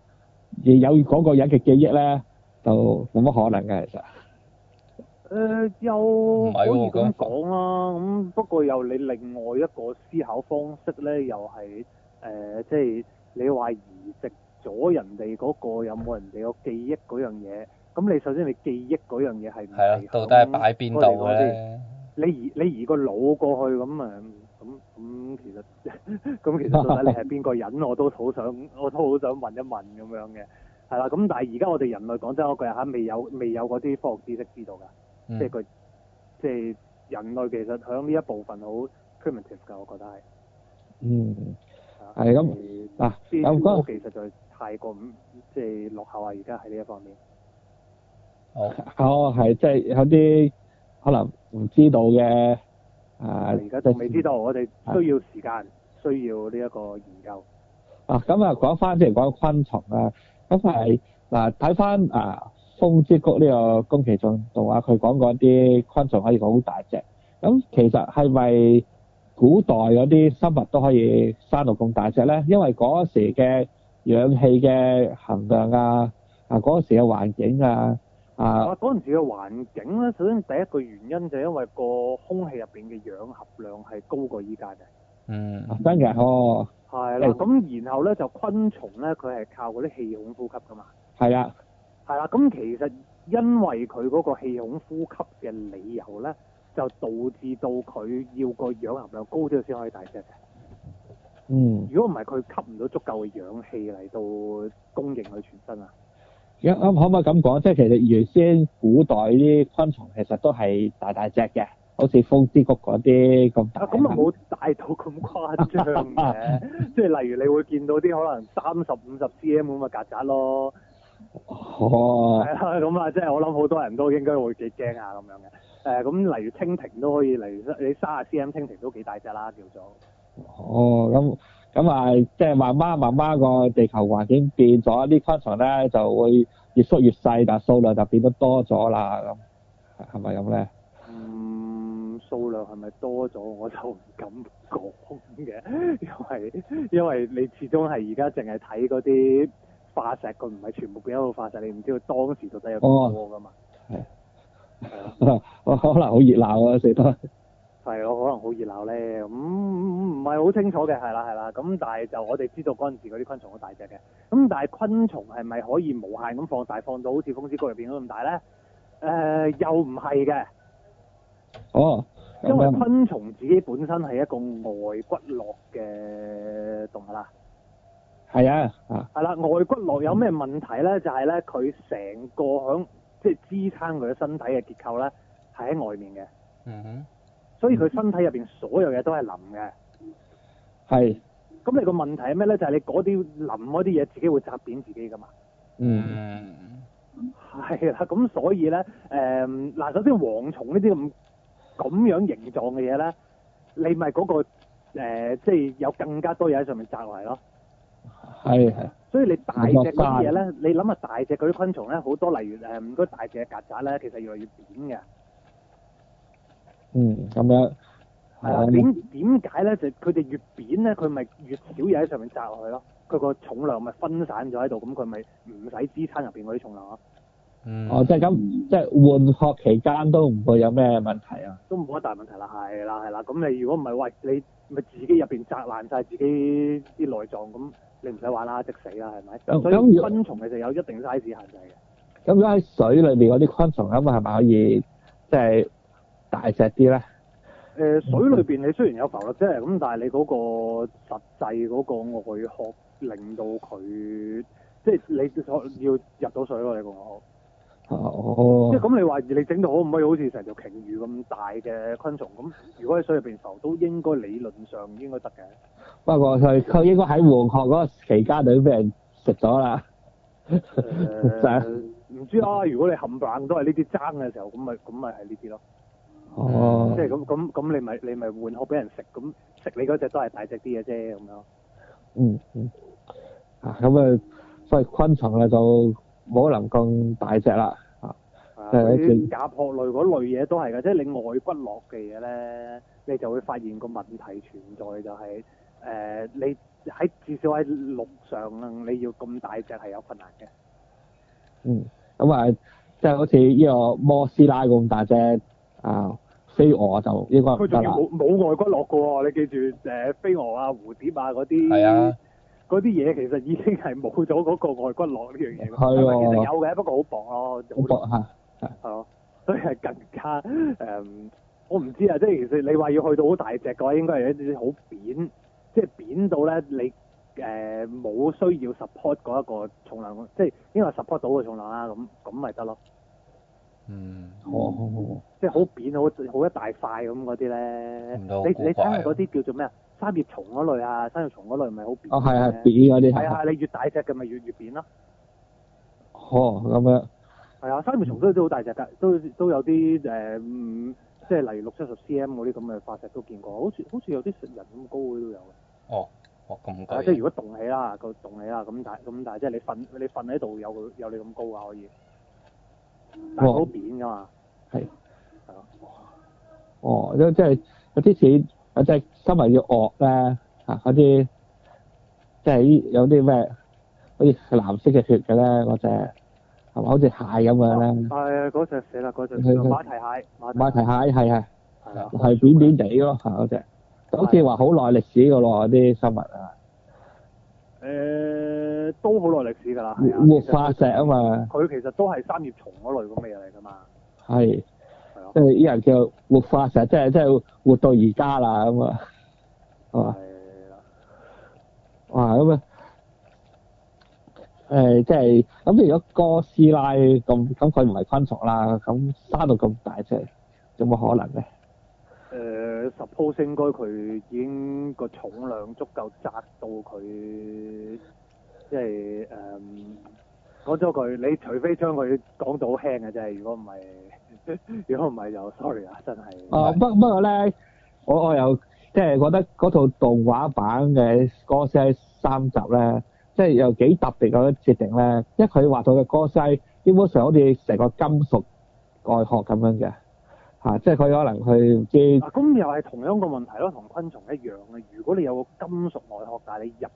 亦有嗰個人嘅記憶咧，就冇乜可能嘅，其實。誒，又唔係咁講啦。咁不過又你另外一個思考方式咧，又係誒，即係你話移植咗人哋嗰個有冇人哋個記憶嗰樣嘢？咁你首先，你記憶嗰樣嘢係唔係到底係擺邊度咧？你移你移個腦過去咁啊？咁、嗯、其實咁其，其實到底你係邊個人，我都好想，我都好想問一問咁樣嘅，係啦。咁但係而家我哋人類講真，我個人吓未有未有嗰啲科學知識知道噶、嗯，即係佢，即係人類其實響呢一部分好 primitive 噶，我覺得係。嗯。係咁嗱，咁其實就係太過咁即係落後啊！而家喺呢一方面。哦，係即係有啲可能唔知道嘅。啊！我而家仲未知道，我哋需要時間，需要呢一個研究。啊，咁啊，講翻即係講昆蟲啊，咁係嗱睇翻啊，風之谷呢個宮崎駿動畫啊，佢講過啲昆蟲可以好大隻。咁其實係咪古代嗰啲生物都可以生到咁大隻咧？因為嗰時嘅氧氣嘅含量啊，啊嗰時嘅環境啊。啊！嗰、啊、陣時嘅環境咧，首先第一個原因就因為個空氣入邊嘅氧含量係高過依家嘅。嗯，啊、真嘅哦。係啦，咁、嗯、然後咧就昆蟲咧，佢係靠嗰啲氣孔呼吸噶嘛。係啊，係啦，咁其實因為佢嗰個氣孔呼吸嘅理由咧，就導致到佢要個氧含量高啲先可以大隻嘅。嗯。如果唔係，佢吸唔到足夠嘅氧氣嚟到供應佢全身啊！咁可唔可以咁講？即係其實原先古代啲昆蟲其實都係大大隻嘅，好似風之谷嗰啲咁大。咁啊冇大到咁誇張嘅， 即係例如你會見到啲可能三十五十 cm 咁嘅曱甴咯。哦。係 咁啊，即係我諗好多人都應該會幾驚啊咁樣嘅。誒，咁例如蜻蜓都可以，例如你卅 cm 蜻蜓，蜓都幾大隻啦，叫做。哦，咁。咁啊，即係慢慢慢慢個地球環境變咗，啲昆蟲咧就會越縮越細，但係數量就變得多咗啦。咁係咪咁咧？嗯，數量係咪多咗我就唔敢講嘅，因為因為你始終係而家淨係睇嗰啲化石，佢唔係全部變咗個化石，你唔知道當時到底有幾多噶嘛。係係咯，我可能好熱鬧啊！死得～係咯，可能好熱鬧咧，咁唔係好清楚嘅，係啦係啦，咁但係就我哋知道嗰陣時嗰啲昆蟲好大隻嘅，咁但係昆蟲係咪可以無限咁放大，放到好似風之谷入邊咁大咧？誒、呃，又唔係嘅。哦。因為昆蟲自己本身係一個外骨骼嘅動物啦。係啊。係啦，外骨骼有咩問題咧、嗯？就係、是、咧，佢成個響即係支撐佢嘅身體嘅結構咧，係喺外面嘅。嗯哼。所以佢身體入邊所有嘢都係腍嘅。係。咁你個問題係咩咧？就係、是、你嗰啲腍嗰啲嘢，自己會砸扁自己噶嘛？嗯。係啦，咁所以咧，誒、嗯、嗱，首先蝗蟲呢啲咁咁樣形狀嘅嘢咧，你咪嗰、那個即係、呃就是、有更加多嘢喺上面砸落嚟咯。係係。所以你大隻嗰啲嘢咧，你諗下大隻嗰啲昆蟲咧，好多例如誒嗰啲大隻嘅曱甴咧，其實越嚟越扁嘅。嗯，咁樣係啦。點點解咧？就佢哋越扁咧，佢咪越少嘢喺上面砸落去咯。佢個重量咪分散咗喺度，咁佢咪唔使支撐入邊嗰啲重量咯。嗯。哦，即係咁，即係換殼期間都唔會有咩問題啊？都冇乜大問題啦，係啦，係啦。咁你、嗯、如果唔係喂，你咪自己入邊砸爛晒自己啲內臟，咁你唔使玩啦，即死啦，係咪、嗯嗯？所以昆蟲其實有一定 size 限制嘅。咁如果喺水裏邊嗰啲昆蟲咁啊，係咪可以即係？就是大隻啲咧、呃？水裏面你雖然有浮力即係咁但係你嗰個實際嗰個外殼令到佢，即、就、係、是、你要入到水咯。你講哦，即係咁你話你整到好唔可以好似成條鯨魚咁大嘅昆蟲咁，如果喺水入面浮，都應該理論上應該得嘅。不過佢佢應該喺換殼嗰個期間都俾人食咗啦。誒、呃，唔 知啊。如果你冚唪唥都係呢啲爭嘅時候，咁咪咁咪係呢啲咯。哦，即係咁咁咁，你咪你咪換，好俾人食，咁食你嗰隻都係大隻啲嘅啫，咁樣。嗯嗯。啊，咁、嗯、啊，所以昆蟲咧就冇可能咁大隻啦。啊，即係一啲甲殼類嗰類嘢都係嘅，即係你外骨骼嘅嘢咧，你就會發現個問題存在就係、是，誒、呃，你喺至少喺陸上啊，你要咁大隻係有困難嘅。嗯，咁、嗯嗯、啊，即係好似呢個摩斯拉咁大隻啊。飛蛾啊，就應該佢仲要冇冇外骨骼㗎喎，你記住誒，飛蛾啊、蝴蝶啊嗰啲，係啊，嗰啲嘢其實已經係冇咗嗰個外骨骼呢樣嘢咯。係喎，其實有嘅，不過好薄咯，好薄嚇，係咯、啊啊，所以係更加誒、嗯，我唔知啊，即係其實你話要去到好大隻嘅話，應該係一啲好扁，即係扁到咧你誒冇、呃、需要 support 嗰一個重量，即係應該係 support 到嘅重量啊，咁咁咪得咯。嗯，哦、嗯，哦，即係好扁，好好一大塊咁嗰啲咧，你你睇下嗰啲叫做咩啊？三葉蟲嗰類啊，三葉蟲嗰類唔係好扁，啊，哦係係扁嗰啲，係啊，你越大隻嘅咪越越扁咯，啊。哦，咁樣。係、嗯、啊，三葉蟲都都好大隻噶，都都有啲誒、嗯，即係例如六七十 cm 嗰啲咁嘅化石都見過，好似好似有啲人咁高嘅都有。哦，哦，咁高。即係如果動起啦，個動起啦，咁大咁大，即係你瞓你瞓喺度有有你咁高啊可以。好扁噶嘛，係，係咯，哦，即即係有啲似，即係生物要惡咧，吓嗰啲，即係有啲咩，好似藍色嘅血嘅咧嗰隻，係咪好似蟹咁樣咧？係啊，哎，嗰隻死啦，嗰隻，馬蹄蟹，馬蹄蟹係係，係啊，係扁扁地咯吓嗰隻，係係，嗯，嗰個就好似話好耐歷史嘅咯啲生物啊，誒。嗯都好耐歷史㗎啦，活化石啊嘛。佢其，其實都係三葉蟲嗰類咁嘅嘢嚟㗎嘛。係。即係啲人叫活化石，即係即係活到而家啦咁啊。係。哇，咁啊，誒、欸，即係咁、嗯。如果哥斯拉咁，咁佢唔係昆蟲啦，咁生到咁大隻，有冇可能咧？誒、uh，Supposing 應該佢已經個重量足夠砸到佢。即係誒講咗句，你除非將佢講到好輕嘅啫，如果唔係，如果唔係就 sorry 啊，真係。哦，不不過咧，我我又即係覺得嗰套動畫版嘅哥斯拉三集咧，即係又幾特別嘅設定咧，因為佢畫到嘅哥斯拉基本上好似成個金屬外殼咁樣嘅，嚇，即係佢可能去即係。咁又係同樣個問題咯，同昆蟲一樣嘅，如果你有個金屬外殼，但係你入。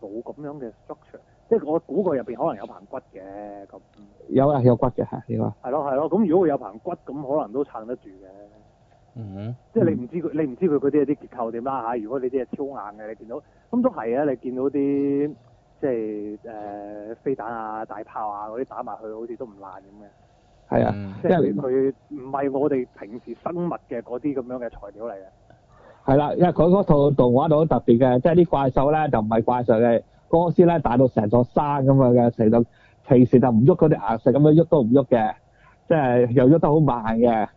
葉咁樣嘅 structure，即係我估個入邊可能有棚骨嘅咁。有啊，有骨嘅嚇呢個。係咯、啊，係咯，咁如果佢有棚骨，咁可能都撐得住嘅。嗯、mm、哼 -hmm.。即、mm、係 -hmm. 你唔知佢，你唔知佢嗰啲啲結構點啦嚇。如果你啲係超硬嘅，你見到，咁都係啊！你見到啲即係誒、呃、飛彈啊、大炮啊嗰啲打埋去好，好似都唔爛咁嘅。係啊，即係佢唔係我哋平時生物嘅嗰啲咁樣嘅材料嚟嘅。係啦，因為佢嗰套動畫度好特別嘅，即係啲怪獸咧就唔係怪獸嘅哥斯拉，大到成座山咁樣嘅，成到平時就唔喐嗰啲顏石咁樣喐都唔喐嘅，即係又喐得好慢嘅。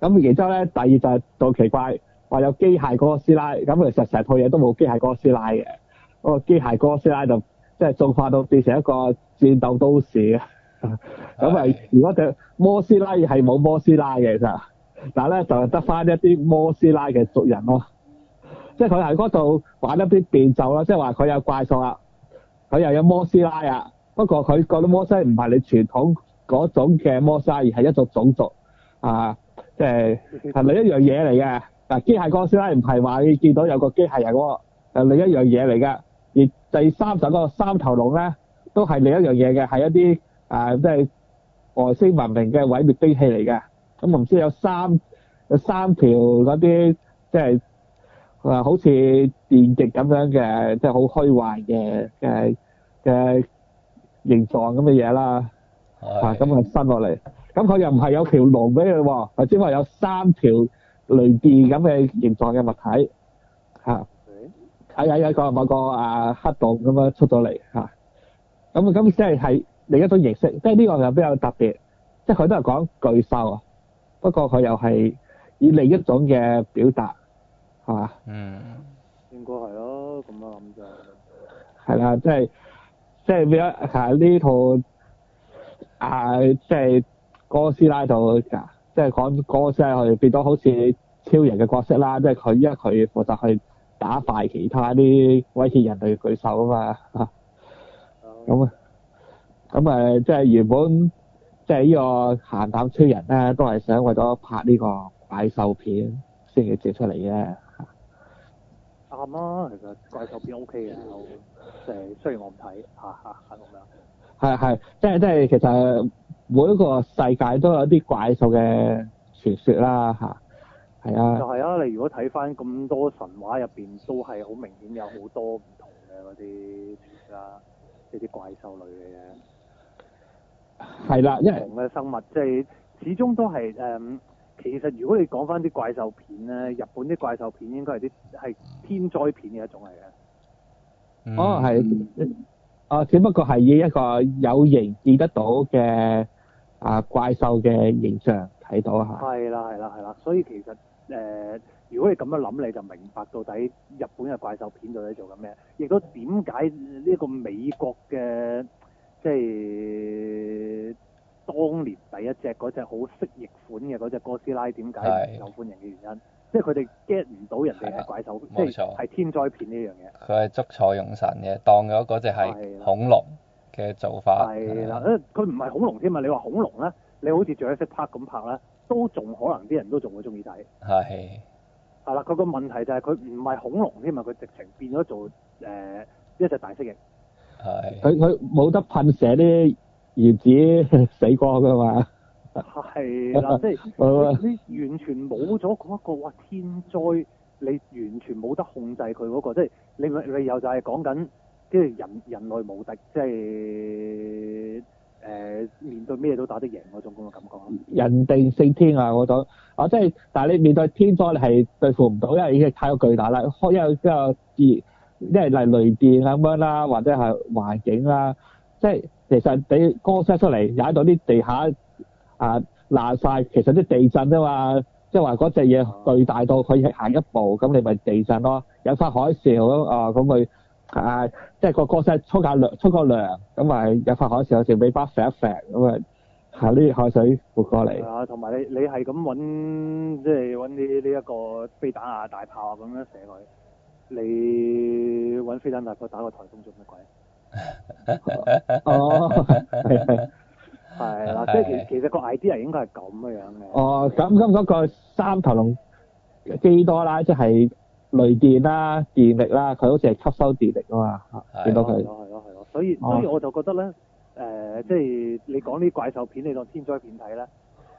咁然之後咧，第二就係仲奇怪，話有機械哥斯拉，咁其實成套嘢都冇機械哥斯拉嘅，嗰個機械哥斯拉就即係進化到變成一個戰鬥都市嘅。咁係 如果隻摩斯拉係冇摩斯拉嘅，其實。但係咧就係得翻一啲摩斯拉嘅族人咯、哦，即係佢喺嗰度玩一啲變奏啦，即係話佢有怪獸啊，佢又有摩斯拉啊。不過佢嗰啲摩斯拉唔係你傳統嗰種嘅摩斯拉，而係一，啊就是、一種種族啊，即係係另一樣嘢嚟嘅。嗱，機械哥斯拉唔係話你見到有個機械人喎、哦，係另一樣嘢嚟嘅。而第三集嗰個三頭龍咧，都係另一樣嘢嘅，係一啲即係外星文明嘅毀滅兵器嚟嘅。咁唔知有三有三條嗰啲即係啊，好似電極咁樣嘅，即係好虛幻嘅嘅嘅形狀咁嘅嘢啦。啊，咁佢伸落嚟，咁佢又唔係有條龍俾佢喎，係只係有三條雷電咁嘅形狀嘅物體嚇。睇睇睇個某個啊黑洞咁樣出咗嚟嚇。咁啊咁即係係另一種形式，即係呢個係比較特別，即係佢都係講巨獸啊。不過佢又係以另一種嘅表達，係嘛？嗯，應該係咯，咁咁就係、係。啦、就係，即係即係點啊？其實呢套啊，即係哥斯拉度，即係講哥斯拉佢變咗好似超人嘅角色啦，即係佢因為佢負責去打敗其他啲威脅人類嘅怪獸啊嘛，咁啊，咁、嗯、啊，即係原本。即係呢個鹹蛋超人咧，都係想為咗拍呢個怪獸片先至借出嚟嘅嚇。啱啊，其實怪獸片 O K 嘅，誒雖然我唔睇嚇嚇係咁樣。係、啊、係、啊啊啊啊，即係即係，其實每一個世界都有啲怪獸嘅傳說啦嚇。係啊。係就係、係、啊！你如果睇翻咁多神話入邊，都係好明顯有好多唔同嘅嗰啲傳說啦，即啲怪獸類嘅嘢。係啦，因為嘅生物，即、就、係、是、始終都係誒、嗯，其實如果你講翻啲怪獸片咧，日本啲怪獸片應該係啲係天災片嘅一種嚟嘅、嗯。哦，係，啊、呃，只不過係以一個有形見得，得到嘅啊怪獸嘅形象睇到吓。係啦，係啦，係啦，所以其實誒、呃，如果你咁樣諗，你就明白到底日本嘅怪獸片到底做緊咩，亦都點解呢個美國嘅。即係當年第一隻嗰隻好蜥蜴款嘅嗰隻哥斯拉，點解受歡迎嘅原因？即係佢哋 get 唔到人哋嘅怪獸，是即係天災片呢樣嘢。佢係捉錯用神嘅，當咗嗰隻係恐龍嘅做法。係啦，佢唔係恐龍添啊！你話恐龍咧，你好似著一隻拍咁拍咧，都仲可能啲人都仲會中意睇。係。係啦，佢個問題就係佢唔係恐龍添嘛。佢直情變咗做誒、呃、一隻大蜥蜴。佢佢冇得噴射啲葉子死光噶嘛是？係、就、嗱、是，即 係你，你完全冇咗嗰個哇！天災，你完全冇得控制佢嗰、那個，即、就、係、是、你你又就係講緊即係人人類無敵，即係誒面對咩都打得贏嗰種咁嘅感覺。人定勝天啊！嗰種啊，即、就、係、是、但係你面對天災，你係對付唔到，因為已經太過巨大啦，開因為之後。例如雷電咁樣啦，或者係環境啦，即係其實俾哥斯出嚟踩到啲地下啊爛曬，其實啲地震啫嘛，即係話嗰隻嘢巨大到可以行一步，咁你咪地震咯，引翻海嘯咯啊，咁佢係啊，即係個哥斯衝下涼衝個涼，咁咪引翻海嘯，條尾巴甩一甩咁啊，係啲海水過過嚟。係啊，同埋你你係咁揾即係揾啲呢一個飛彈啊、大炮啊咁樣射佢。你揾飛彈大哥打個颱風做乜鬼的？哦，係係係啦，即係其其實個 idea 應該係咁嘅樣嘅。哦，咁咁嗰個三頭龍基多拉，即係雷電啦、電力啦，佢好似係吸收電力啊嘛，見到佢。係咯係咯係咯，所以所以我就覺得咧，誒、呃，即係你講啲怪獸片，你當天災片睇啦。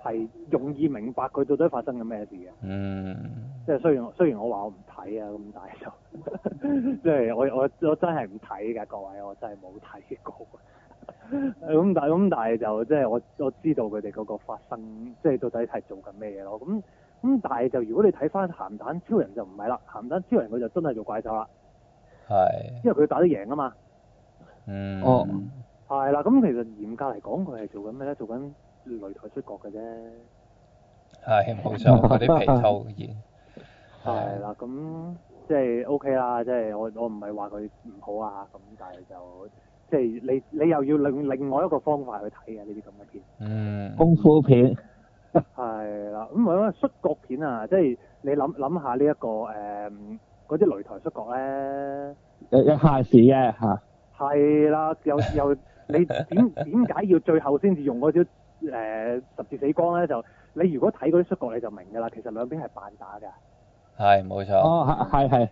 係容易明白佢到底發生緊咩事嘅，啊，嗯，即係雖然雖然我話我唔睇啊咁但係就， 就是，即係我我我真係唔睇㗎，各位我真係冇睇過，咁 但咁但係就即係我我知道佢哋嗰個發生即係，就是，到底係做緊咩嘢咯，咁咁但係就如果你睇翻鹹蛋超人就唔係啦，鹹蛋超人佢就真係做怪獸啦，係、hey.，因為佢打得贏啊嘛，嗯、mm. oh.，哦，係啦，咁其實嚴格嚟講佢係做緊咩咧？做緊。擂台摔角嘅啫，係，冇錯，嗰啲皮套嘢係啦。咁即係 O K 啦，即係我我唔係話佢唔好啊。咁但係就即係你你又要另另外一個方法去睇嘅呢啲咁嘅片，功夫片係啦。咁因為摔角片啊，即係你諗諗下呢一個誒嗰啲擂台摔角咧，有有瑕疵嘅嚇。係啦，又又你點點解要最後先至用嗰啲，誒、呃、十字死光咧，就你如果睇嗰啲摔角你就明㗎啦，其實兩邊係扮打㗎。係，冇錯。哦，係係係。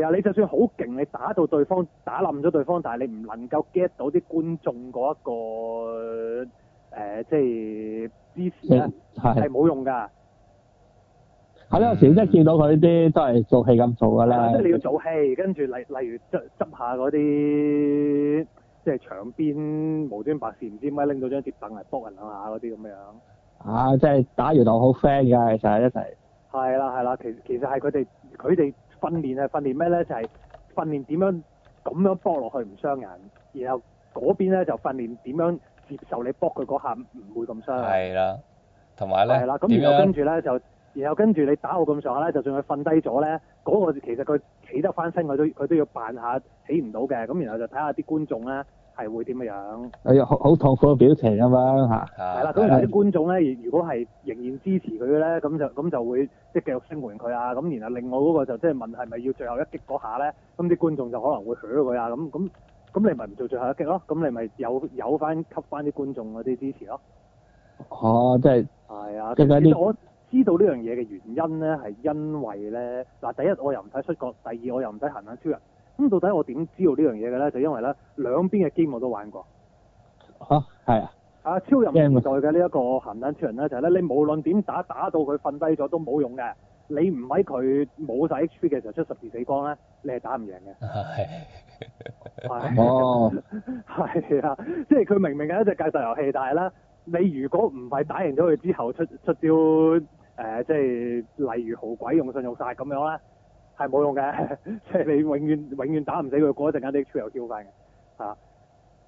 係啊，你就算好勁，你打到對方打冧咗對方，但係你唔能夠 get 到啲觀眾嗰一個、呃、即係支持咧，係係冇用㗎。係、嗯、咧，有時即係見到佢啲都係做戲咁做㗎啦。即係你要做戲，跟住例例如執執下嗰啲。即係場邊無端白事，唔知點解拎到張折凳嚟卜人兩下嗰啲咁樣。啊！即係打完就好 friend 㗎，其實一齊。係啦係啦，其其實係佢哋佢哋訓練係訓練咩咧？就係、是、訓練點樣咁樣卜落去唔傷人，然後嗰邊咧就訓練點樣接受你卜佢嗰下唔會咁傷。係啦，同埋咧。係啦，咁然後跟住咧就，就，然後跟住你打我咁上下咧，就算佢瞓低咗咧，嗰、那個其實佢企得翻身，佢都佢都要扮下起唔到嘅。咁然後就睇下啲觀眾咧。係會點嘅樣？誒，好好痛苦嘅表情咁樣嚇。係啦，咁然後啲觀眾咧，如果係仍然支持佢咧，咁就咁就會即繼續聲援佢啊。咁然後另外嗰個就即問係咪要最後一擊嗰下咧？咁啲觀眾就可能會許咗佢啊。咁咁咁你咪唔做最後一擊咯？咁你咪有有翻給翻啲觀眾嗰啲支持咯。哦，即係。係啊，即係呢。其實我知道呢樣嘢嘅原因咧，係因為咧嗱，第一我又唔使出國，第二我又唔使行下超人。咁到底我點知道呢樣嘢嘅咧？就因為咧兩邊嘅 game 我都玩過。吓、啊、係啊。超人唔在嘅呢一個咸蛋超人咧，就係、是、咧你無論點打，打到佢瞓低咗都冇用嘅。你唔喺佢冇晒 HP 嘅時候出十字死光咧，你係打唔贏嘅。係。哦。係啊，即係佢明明係一隻格鬥遊戲，但係咧你如果唔係打贏咗佢之後出出招誒、呃，即係例如豪鬼用瞬獄殺咁樣咧。係冇用嘅，即 係你永遠永遠打唔死佢，嗰一陣間啲血又飆翻嘅，係、啊、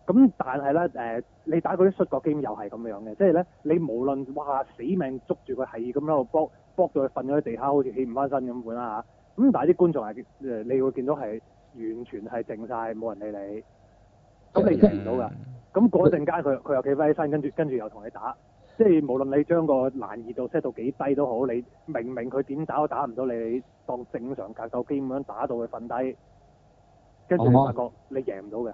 咁但係咧誒,、你打嗰啲摔角機又係咁樣嘅。即係咧你無論哇死命捉住佢，係咁喺度搏搏到佢瞓咗喺地下，好似起唔翻身咁款啦嚇。咁、啊、但係啲觀眾係誒，你會見到係完全係靜晒，冇人理你。咁你睇唔到㗎。咁嗰陣間佢佢又企翻起身，跟住跟住又同你打。即係無論你將個難易度 set 到幾低都好，你明明佢點打都打唔到你，你當正常格鬥機咁樣打到佢瞓低，跟住我發覺你贏唔到嘅。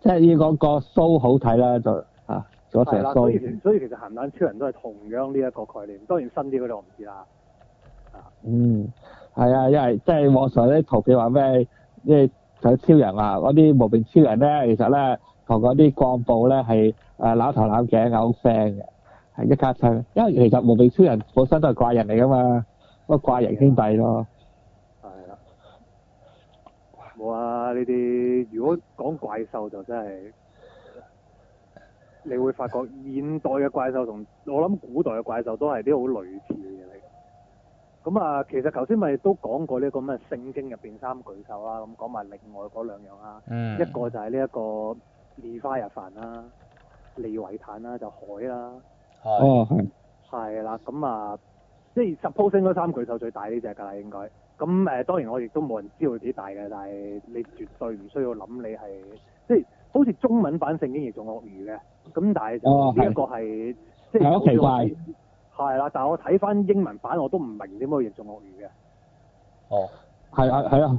即係依、這個、那個 show 好睇啦，就嚇嗰條 show。所以其實鹹蛋超人都係同樣呢一個概念，當然新啲嗰啲我唔知啦、啊。嗯，係啊，因為即係網上啲圖片話咩，即係想超人啊嗰啲無名超人咧，其實咧同嗰啲幹部咧係誒扭頭扭頸扭聲嘅。很係一家親，因為其實無敵超人本身都係怪人嚟噶嘛，不過怪人兄弟咯。係啦，冇啊！呢啲如果講怪獸就真係，你會發覺現代嘅怪獸同我諗古代嘅怪獸都係啲好類似嘅嘢嚟。咁啊，其實頭先咪都講過呢一個咩聖經入邊三巨獸啊，咁講埋另外嗰兩樣啊、嗯，一個就係呢一個利花日凡啦、啊，利維坦啦、啊，就海啦、啊。是哦，係，係啦，咁啊，即係十鋪升嗰三巨獸最大呢隻噶啦，應該。咁誒、呃，當然我亦都冇人知道幾大嘅，但係你絕對唔需要諗你係，即係好似中文版聖經亦做鱷魚嘅，咁但係呢一個係、哦，即係好，像好像奇怪，係啦。但我睇翻英文版，我都唔明點解會形容鱷魚嘅。哦，係啊，係啊，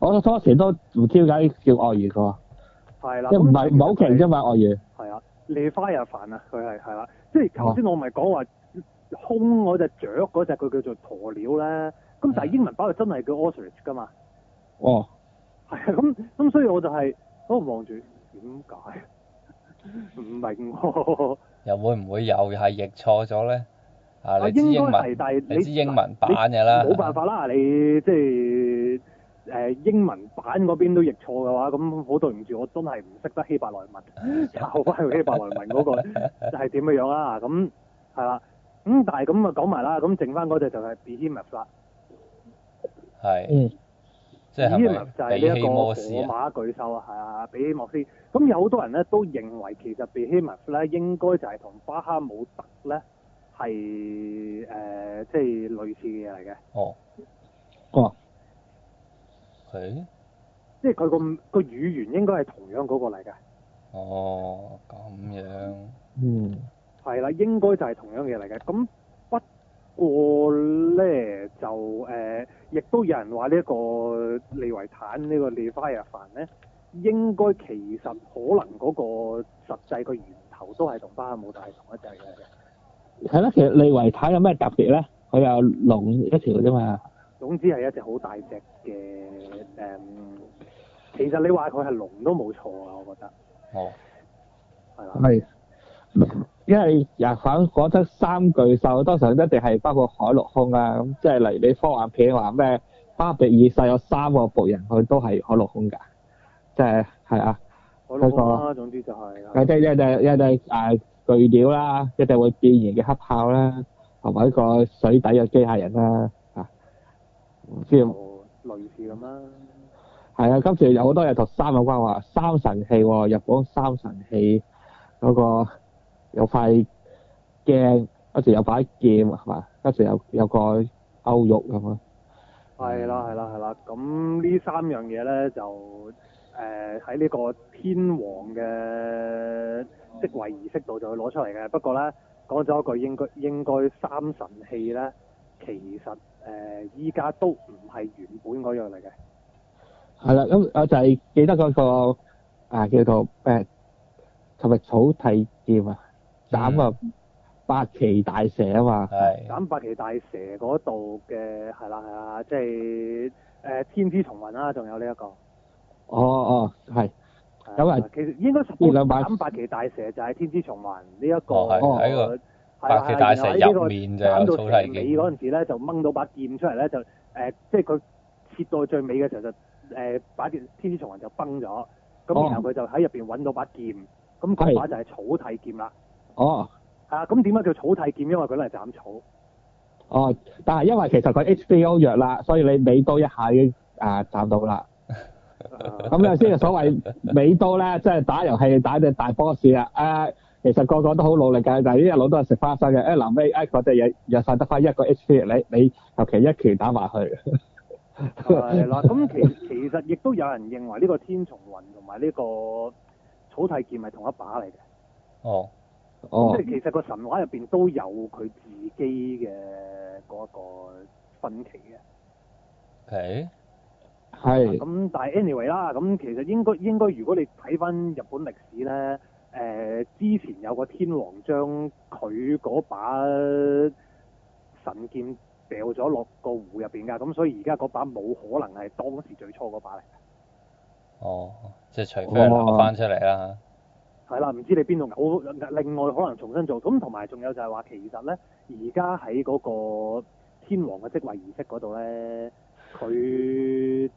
我當時都唔知解叫鱷魚㗎，係啦，即係唔係唔係好奇啫嘛，鱷魚。係啊。你花又是煩啊！佢係係啦，即係頭先我咪講話，空嗰隻雀嗰隻佢叫做鴕鳥咧。咁但係英文版係真係叫 ostrich 㗎嘛？哦，係啊，咁咁所以我就係度望住點解？唔 明喎？又會唔會又係譯錯咗咧？啊，你知英文，但你，你知英文版嘅啦，冇辦法啦，你即係。英文版嗰邊都譯錯嘅話，咁好對唔住，我真係唔識得希伯來文，翻 希伯來文嗰個係點樣樣啊？咁係啦，咁但係咁啊講埋啦，咁剩翻嗰隻就係 Behemoth 啦。嗯。嗯 Behemoth、即係咪比希摩斯就係呢一個火馬巨獸啊，係啊，比希摩斯。咁有好多人咧都認為其實 Behemoth 應該就係同巴哈姆特咧係即係類似嘅嘢嚟嘅。哦。哦係，即係佢個個語言應該係同樣嗰個嚟嘅哦，咁樣。嗯。係啦，應該就係同樣嘢嚟嘅。咁不過咧，就亦、呃、都有人話呢一個利維坦、呢個、呢個利花肉凡咧，應該其實可能嗰個實際個源頭都係同巴哈姆特係同一隻嘅。係啦，其實利維坦有咩特別咧？佢有龍一條啫嘛。總之係一隻好大隻嘅誒、嗯，其實你話佢係龍都冇錯啊！我覺得。哦。係啦。因為日版講出三巨獸，當時一定係包括海陸空啊！咁即係例如你科幻片話咩巴比爾世有三個僕人，佢都係海陸空㗎，即係係啊。海陸空啦、啊，總之就係。誒，即係一定一定誒、啊、巨鳥啦、啊，一定會變形嘅黑豹啦、啊，同埋一個水底嘅機械人啦、啊。唔知即係類似咁啦，係啊，今次有好多嘢同三有關，話三神器，哦、日本三神器，日本，啊啊啊啊三，呃、三神器嗰個有塊鏡，一時有塊劍係嘛，一時有有個勾玉咁啊，係啦係啦係啦，咁呢三樣嘢咧就誒喺呢個天皇嘅即位儀式度就會攞出嚟嘅，不過咧講咗一句應該應該三神器咧。其實誒依家都唔係原本嗰樣嚟嘅。係啦，咁我就係記得嗰、那個啊、那個、啊叫做誒琴日草薙劍啊，斬啊八岐大蛇啊嘛。斬八岐大蛇嗰度嘅係啦係啊，即係誒天之叢雲啦，仲有呢、這、一個。哦哦，係。咁、嗯、係、嗯、其實應該十點斬八岐大蛇就係天之叢雲呢一個。哦，係喺個百獅、啊、大蛇入面就攬到最尾嗰陣時咧，就掹到把劍出嚟咧，就誒、呃，即係佢切到最尾嘅時候就誒、呃，把條天之叢雲就崩咗。咁、哦、然後佢就喺入邊揾到把劍，咁嗰把就係草薙劍啦。哦。啊，咁點解叫草薙劍？因為佢嚟就斬草。哦，但係因為其實佢 h b o 弱啦，所以你尾刀一下已經啊斬到啦。咁樣先係所謂尾刀咧，即 係打遊戲打隻大 boss 啊、呃！誒。其實個個都好努力㗎，但係一路都係食花生嘅。一臨尾，一嗰隻嘢又剩得翻一個 HP，你你求其一拳打埋去。係啦，咁其其實亦都有人認為呢個天叢雲同埋呢個草薙劍係同一把嚟嘅。哦。哦。即係其實個神話入邊都有佢自己嘅嗰一個分歧嘅。誒。係。咁但係 anyway 啦，咁其實應該應該如果你睇翻日本歷史咧。誒、呃、之前有個天皇將佢嗰把神劍掉咗落個湖入面㗎，咁所以而家嗰把冇可能係當時最初嗰把嚟。哦，即係除非攞翻出嚟啦。係、哦、啦，唔、啊、 知你邊度另外可能重新做咁，同埋仲有就係話，其實咧，而家喺嗰個天皇嘅職位儀式嗰度咧，佢。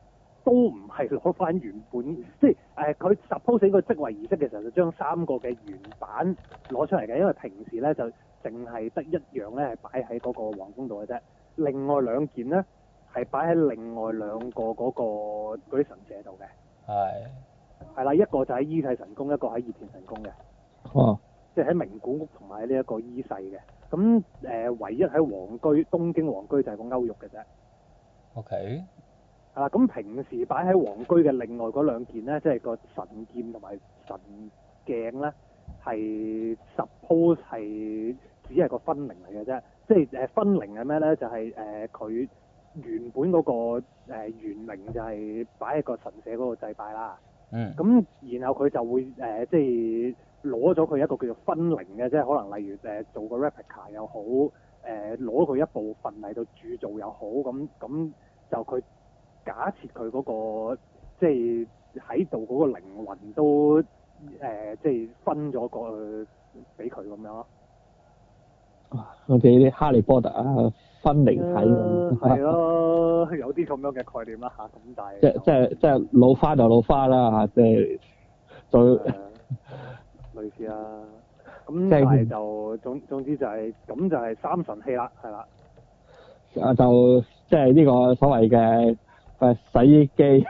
都唔係攞翻原本，即係佢 suppose 個即位儀式嘅時候，就將三個嘅原版攞出嚟嘅，因為平時咧就淨係得一樣咧係擺喺嗰個皇宮度嘅啫，另外兩件咧係擺喺另外兩個嗰、嗰個嗰啲神社度嘅。係。係啦，一個就喺伊勢神宮，一個喺熱田神宮嘅。哦。即係喺名古屋同埋呢一個伊勢嘅。咁、呃、唯一喺皇居東京皇居就係個鈎玉嘅啫。O K。係、啊、咁平時擺喺皇居嘅另外嗰兩件咧，即係個神劍同埋神鏡咧，係 suppose 係只係個分靈嚟嘅啫。即係誒分靈係咩咧？就係誒佢原本嗰、那個誒、呃、原靈就係擺喺個神社嗰度祭拜啦。嗯。咁然後佢就會誒、呃、即係攞咗佢一個叫做分靈嘅，即係可能例如誒、呃、做個 replica 又好，誒攞佢一部分嚟到鑄造又好，咁咁就佢。假設佢嗰、嗰個即係喺度嗰個靈魂都誒，即、呃、係、就是、分咗過去俾佢咁樣咯。啊，好啲《哈利波特》靈啊，分靈體咁。係咯，有啲咁樣嘅概念啦嚇，咁但係。即即即老花就老花啦嚇，即係就，是就啊、 類似啦、啊。咁即就、就是、總總之就係、是、咁就係三神器啦，係嘛？啊，就即係呢個所謂嘅。洗衣機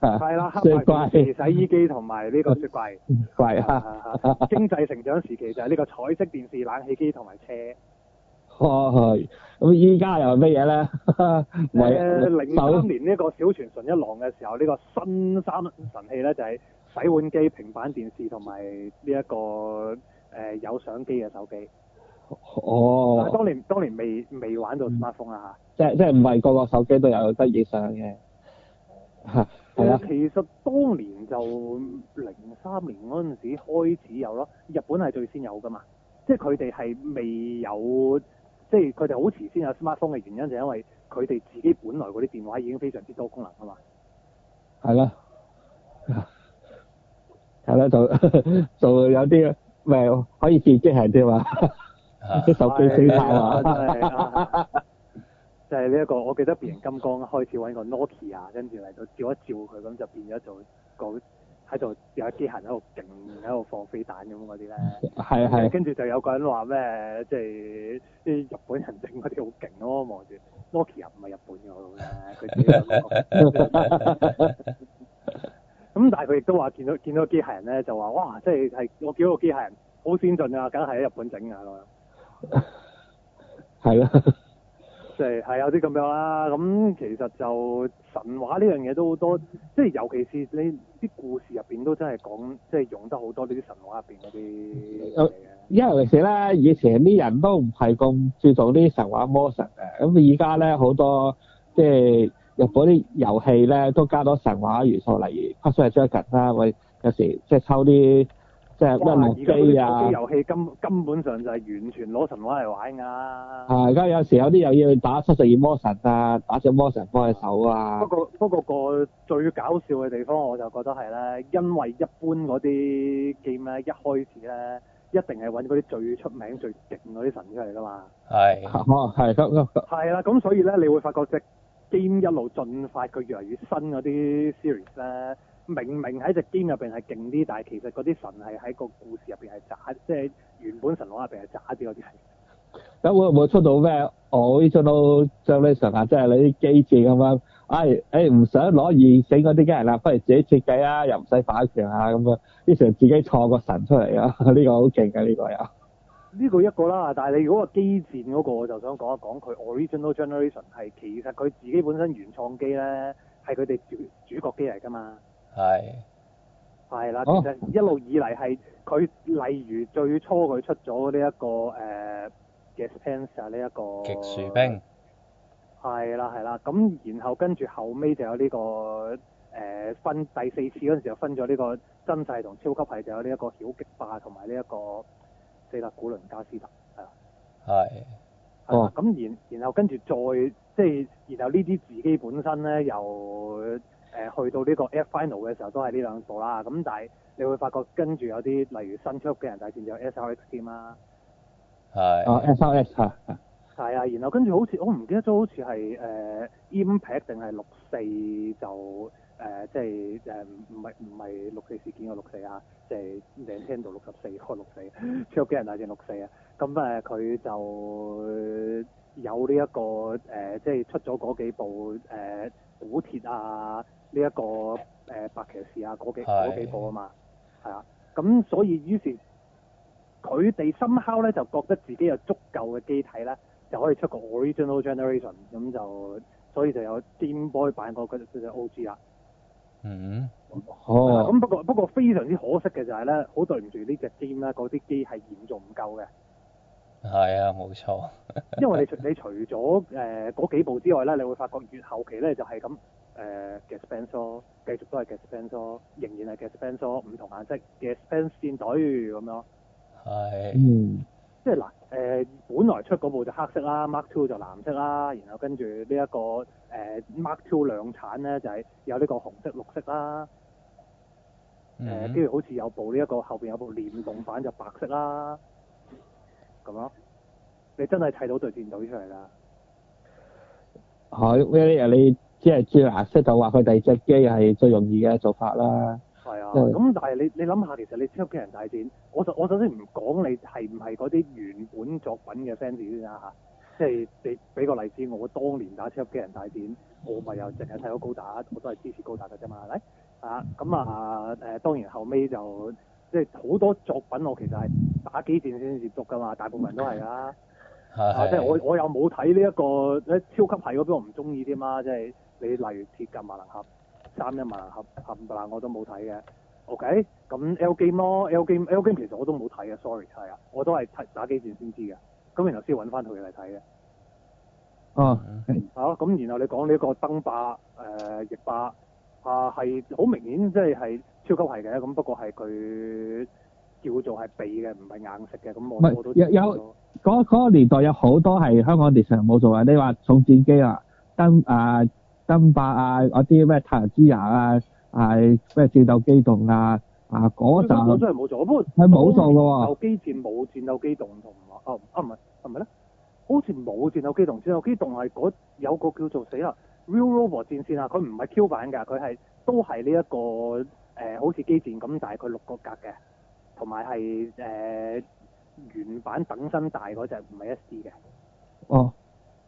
係、啊、啦，黑白機洗衣機同埋呢個雪櫃櫃、 啊、經濟成長時期就係呢個彩色電視、冷氣機同埋車。哦，咁依家又係乜嘢咧？唔係零三年呢個小泉純一郎嘅時候，呢、呢個新三神器咧就係洗碗機、平板電視同埋呢一個誒、呃、有相機嘅手機。哦，當年當年未未玩到 smartphone 啊吓。即即唔係個個手機都有得影相嘅。吓，誒，其實當年就零三年嗰陣時候開始有咯，日本係最先有噶嘛，即係佢哋係未有，即係佢哋好遲先有 smartphone 嘅原因就係因為佢哋自己本來嗰啲電話已經非常之多功能啊嘛，係啦，係啦，就仲有啲咪可以見即係啲嘛，啲手機死晒啊。就係呢一個，我記得變形金剛開始揾個 Nokia，跟住嚟到照一照佢，咁就變咗做個喺度有機械人喺度勁喺度放飛彈咁嗰啲咧。係啊係啊。跟住就有個人話咩，即係啲日本人整嗰啲好勁咯，望住 Nokia 唔係日本嘅，佢自己咁、嗰個。咁 但係佢亦都話見到見到機械人咧，就話哇，即係係我見到個機械人好先進啊，梗係喺日本整啊，㗎啦。係啦。即係係有啲咁樣啦，咁其實就神話呢樣嘢都好多，即係尤其是你啲故事入邊都真係講，即係用得好多呢啲神話入邊嗰啲嘢嘅。因為嚟講咧，以前啲人都唔係咁注重啲神話魔神嘅，咁而家咧，好多即係入嗰啲遊戲咧都加多神話元素，例如《Puzzle & Dragons》啦，我有時即係抽啲。即係怪物機啊！啲遊戲根根本上就係完全攞神話嚟玩噶。啊！而家有時有啲又要打七十二魔神啊，打隻魔神幫佢手啊。不過不過個最搞笑嘅地方我就覺得係咧，因為一般嗰啲 game 咧，一開始咧，一定係搵嗰啲最出名最勁嗰啲神出嚟噶嘛。係。咁、哦、啦，咁所以咧，你會發覺隻 game 一路進發，佢越嚟越新嗰啲 series 咧。明明喺隻 game 入邊係勁啲，但係其實嗰啲神係喺個故事入邊係渣，即、就、係、是、原本神話入邊係渣啲嗰啲係。但會唔會出到咩？original generation 啊？即、就、係、是、你啲機戰咁樣。唉，哎，唔、哎、想攞二死我啲家人啦、啊，不如自己設計啊，又唔使反場啊咁啊，於是自己創個神出嚟 啊！呢、呢個好勁嘅呢個又。呢個一個啦，但係你如果話機戰嗰個，我就想講一講佢 original generation 係其實佢自己本身原創機咧，係佢哋主主角機嚟㗎嘛。係，係啦，其實一路以嚟係佢，例如最初佢出咗呢一個誒嘅、呃、Gespenst 呢、這、一個極殊兵是，係啦係啦，咁然後跟住後尾就有呢、這個誒、呃、分第四次嗰陣時就分咗呢、這個真係同超級係，就有呢一個曉極霸同埋呢一個四特古倫加斯特，係，係，哦，咁然然後跟住再即係、就是、然後呢啲自己本身咧又。由誒去到呢個 F Final 嘅時候都係呢兩部啦，咁但係你會發覺跟住有啲例如新超級機人大戰，就有 S R X 添啦，係啊 S R X 係啊，啊、uh, uh,，uh, uh, uh, 然後跟住好似我唔記得咗好似係 Impact 定係六四就、uh, 即係誒唔係唔係六四事件嘅六四啊，即係任天堂六十四個六四超級機人大戰六四 啊，咁誒佢就有呢、這、一個、uh, 即係出咗嗰幾部誒。Uh, 古鐵啊！呢、這、一個誒、呃、白騎士啊，嗰幾嗰幾個啊嘛，係啊，咁所以於是佢哋深口咧就覺得自己有足夠嘅機體咧，就可以出個 original generation，咁就所以就有 Game Boy 版、那個佢叫、那、做、個、O G 啦。嗯，哦，咁、oh. 啊、不過不過非常之可惜嘅就係、是、咧，好對唔住呢隻 Game 啦，嗰啲機係嚴重唔夠嘅。係啊，冇錯 。因為你除你除咗誒嗰幾部之外咧，你會發覺越後期咧就係、是、咁誒、呃、Gespenst 繼續都係 Gespenst 仍然係 Gespenst 唔同顏色 Gespenst 戰隊咁樣。係。嗯。即係嗱誒，本來出嗰部就黑色啦，Mark Two 就藍色啦，然後跟住、這個呃、呢一個誒 Mark Two 量產咧就係、是、有呢個紅色、綠色啦。嗯。跟、呃、住好似有部呢、這、一個後邊有部聯動版就白色啦。咁咯，你真係睇到對戰隊出嚟啦。係，因為你即係最難識就話佢第二隻機係最容易嘅做法啦。係、嗯、啊，咁、嗯、但係你你諗下，其實你《超級機人》大戰，我就我首先唔講你係唔係嗰啲原本作品嘅 fans 先啦吓。即、啊、係、就是、你俾個例子，我當年打《超級機人》大戰，我咪又淨係睇到高達，我都係支持高達噶啫嘛。誒，啊，咁啊，誒、啊啊啊啊，當然後尾就即係好多作品，我其實係。打機戰先接觸㗎嘛，大部分都係㗎、啊，啊即係我我又冇睇呢一個咧超級系嗰啲，我唔中意添嘛，即、就、係、是、你例如鐵甲萬能俠、三一萬能俠、冚唪唥，我都冇睇嘅。OK，咁 L game 咯，L game，L game 其實我都冇睇嘅，sorry，係啊，我都係睇打機戰先知嘅，咁然後先揾翻佢嚟睇嘅。啊，好、 啊，咁然後你講呢一個登霸誒翼、呃、霸啊，係好明顯即係係超級系嘅，咁不過係佢。叫做係備嘅，唔係硬食嘅。咁我，我都知嗰嗰、嗰個年代有好多係香港電視冇做，你話重戰機啊、登、呃、啊、登霸啊、嗰啲咩太陽之牙啊、係咩戰鬥機動啊，啊嗰陣我真係冇做，一般佢冇做嘅喎、啊。有機戰冇戰鬥機動同啊，啊唔係唔係咧，好似冇戰鬥機動。戰鬥機動係嗰有個叫做死啦 Real Robot 戰線啊，佢唔係 Q 版㗎，佢係都係呢、呢個呃、一個好似機戰咁，大概六個格嘅。同埋係誒原版等身大嗰隻唔係 SD 嘅。哦。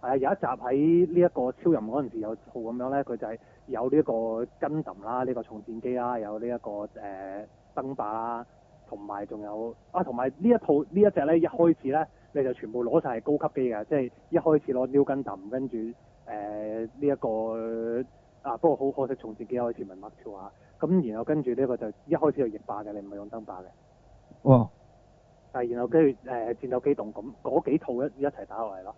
係、oh. 啊，有一集喺呢一個超人嗰陣時有套咁樣咧，佢就係有呢一個根氹啦，呢、這個重戰機啦，有呢、這、一個誒、呃、燈霸啦，同埋仲有，有啊，同埋呢一套呢一隻咧，一開始咧，你就全部攞晒係高級機嘅，即、就、係、是、一開始攞 New 根氹跟住誒呢一個啊，不過好可惜重戰機開始問麥超下，咁然後跟住呢個就一開始就逆霸嘅，你唔係用燈霸嘅。哦，然後跟住誒戰鬥機動咁嗰幾套一一齊打落嚟咯。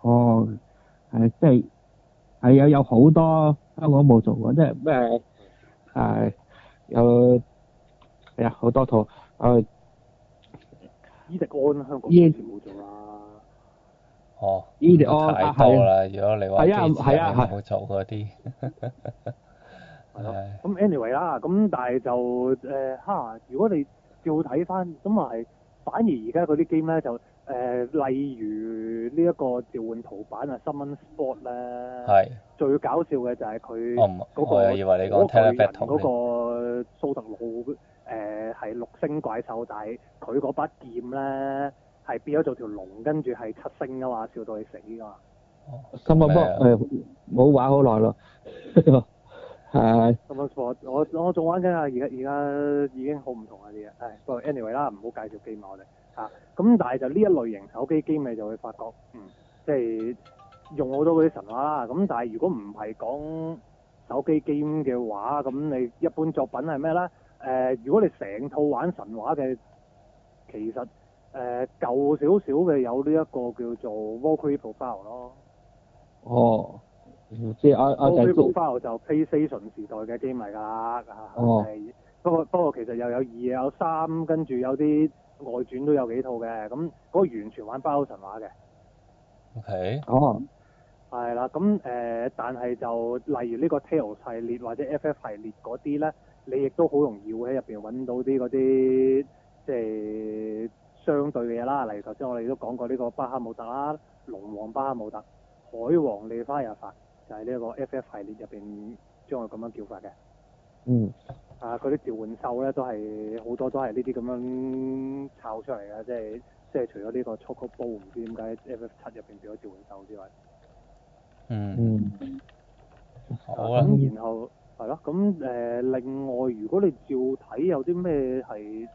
哦，即、呃、係、係、有有好多香港冇做過，即係咩係有係啊好多套啊。伊迪安香港冇做啦。哦，伊迪安太多啦、啊！如果你話係啊係啊係冇做嗰啲。 係咁、嗯、anyway 啦，咁但係就誒哈如果你照睇翻，咁啊係反而而家嗰啲 game 咧就誒、呃，例如呢一個召喚圖版啊，新聞 sport 咧，係最搞笑嘅就係佢嗰個嗰、嗰個嗰個人嗰個蘇特魯誒係六星怪獸，但係佢嗰把劍咧係變咗做條龍，跟住係七星啊嘛，笑到你死㗎嘛。今日不誒冇玩好耐咯。 係，咁啊，我我我仲玩緊啊，而家而家已經好唔同啊啲嘢，係，不過 anyway 啦，唔好介紹機迷我哋嚇，咁但係就呢一類型手機機迷就會發覺，嗯，即係用好多嗰啲神話啦，咁但係如果唔係講手機 game 嘅話，咁你一般作品係咩咧？誒、呃，如果你成套玩神話嘅，其實誒、呃、舊少少嘅有呢一個叫做《Warcraft》咯。哦。即係阿阿仔講翻，就、啊 well, PlayStation 時代嘅機咪噶啦嚇。哦、oh.。不過不過其實又有二有三，跟住有啲外傳都有幾套嘅。咁、那、嗰個完全玩《北歐神話》嘅、okay. 嗯。O、oh. K。哦。係啦，咁誒，但係就例如呢個 Tales 系列或者 F F 系列嗰啲咧，你亦都好容易會喺入邊揾到啲嗰啲即係相對嘅嘢啦。例如頭先我哋都講過呢個巴哈姆特啦，龍王巴哈姆特、海王利花日法。係呢一個 FF 系列入邊，將佢咁樣叫法嘅。嗯。啊，啲召喚獸咧，都係好多都係呢啲咁樣抄出嚟嘅，即係即係除咗呢個 Chocobo，唔知點解 FF 七入邊變咗召喚獸之外。嗯。嗯。好、嗯、啊。咁、啊、然後係咯，咁誒、呃、另外，如果你照睇有啲咩係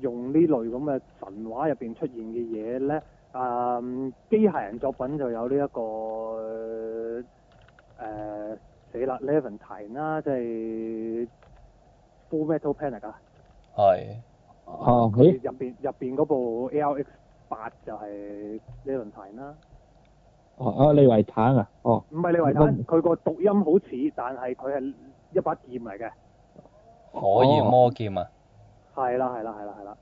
用呢類咁嘅神話入邊出現嘅嘢咧，啊機械人作品就有呢、這、一個。誒、呃、死啦！Levantine 啦、啊，即、就、係、是、Full Metal Panic 啊。係。啊？佢入邊入邊嗰部 ALX 八就係 Levantine 啦。哦，啊，利、哦、維、哦、坦啊？哦。唔係利維坦佢個讀音好似，但係佢係一把劍嚟嘅。可以魔劍啊！係、哦、啦，係啦，係啦，係啦。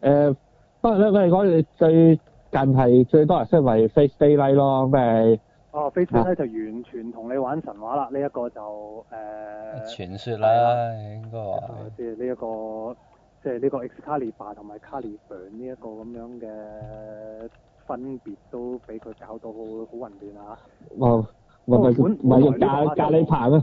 誒、呃，不過咧，我哋講最近係最多人識為 Face Daily 咯，即係。哦 Facebook 咧就完全同你玩神話啦，呢、這、一個就誒、呃、傳說啦，應該話即係呢一個，即係呢個 Excalibur 同埋 Caliburn 呢一個咁樣嘅分別都被他搞得很，都俾佢搞到好好混亂啊！哦，唔係唔係用咖咖喱棒咩、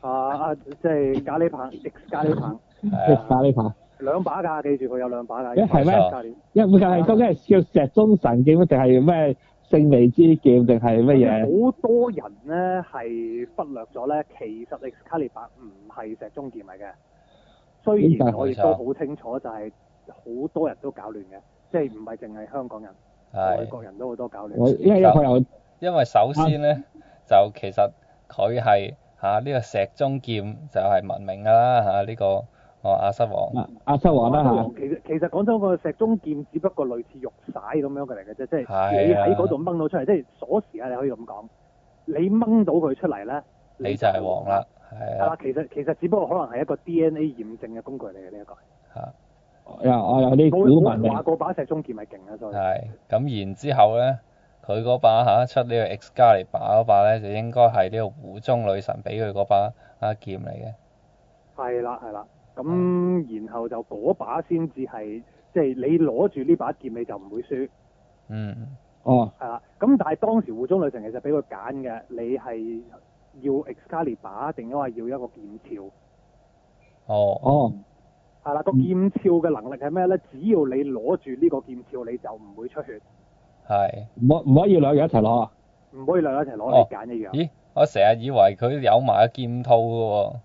啊？啊啊，即係咖喱棒，Ex 咖喱棒，Ex 咖喱棒。 兩把㗎，記住佢有兩把㗎。係 咩、欸？因為唔係嗰個係叫石中神劍，定係咩？聖未之劍定係乜嘢？好多人咧係忽略咗咧，其實 Excalibur 唔係石中劍嚟嘅。雖然我亦都好清楚，就係、是、好多人都搞亂嘅，即係唔係淨係香港人，外國人都好多搞亂因。因為首先咧，就其實佢係嚇呢個石中劍就係聞名㗎啦嚇呢個。哦，亞瑟王，啊、亞瑟王啦嚇、啊啊。其實其實講嗰個石中劍只不過類似玉璽咁樣嘅嚟嘅啫，即係你喺嗰度掹到出嚟，即係鎖匙啊！你可以咁講，你掹到佢出嚟咧，你就係王啦，係啦、啊。其實其實只不過可能係一個 D N A 驗證嘅工具嚟嘅呢一個。嚇！我有我有啲古文話：把石中劍係勁啊！再係咁，然之後咧，佢嗰把吓，出呢個 Excalibur 把嗰把咧，就應該係呢個湖中女神俾佢嗰把啊劍嚟嘅。係啦，係啦。咁、嗯，然後就嗰把先至係，即、就、係、是、你攞住呢把劍你就唔會輸。嗯。哦。係啦，咁但係當時湖中女神其實俾佢揀嘅，你係要 Excalibur 定抑或要一個劍鞘？哦，哦。係啦，個劍鞘嘅能力係咩咧？只要你攞住呢個劍鞘你就唔會出血。係。唔可唔可以兩樣一齊攞啊？唔可以兩樣一齊攞、哦，你揀一樣。咦，我成日以為佢有埋一劍套嘅喎、哦。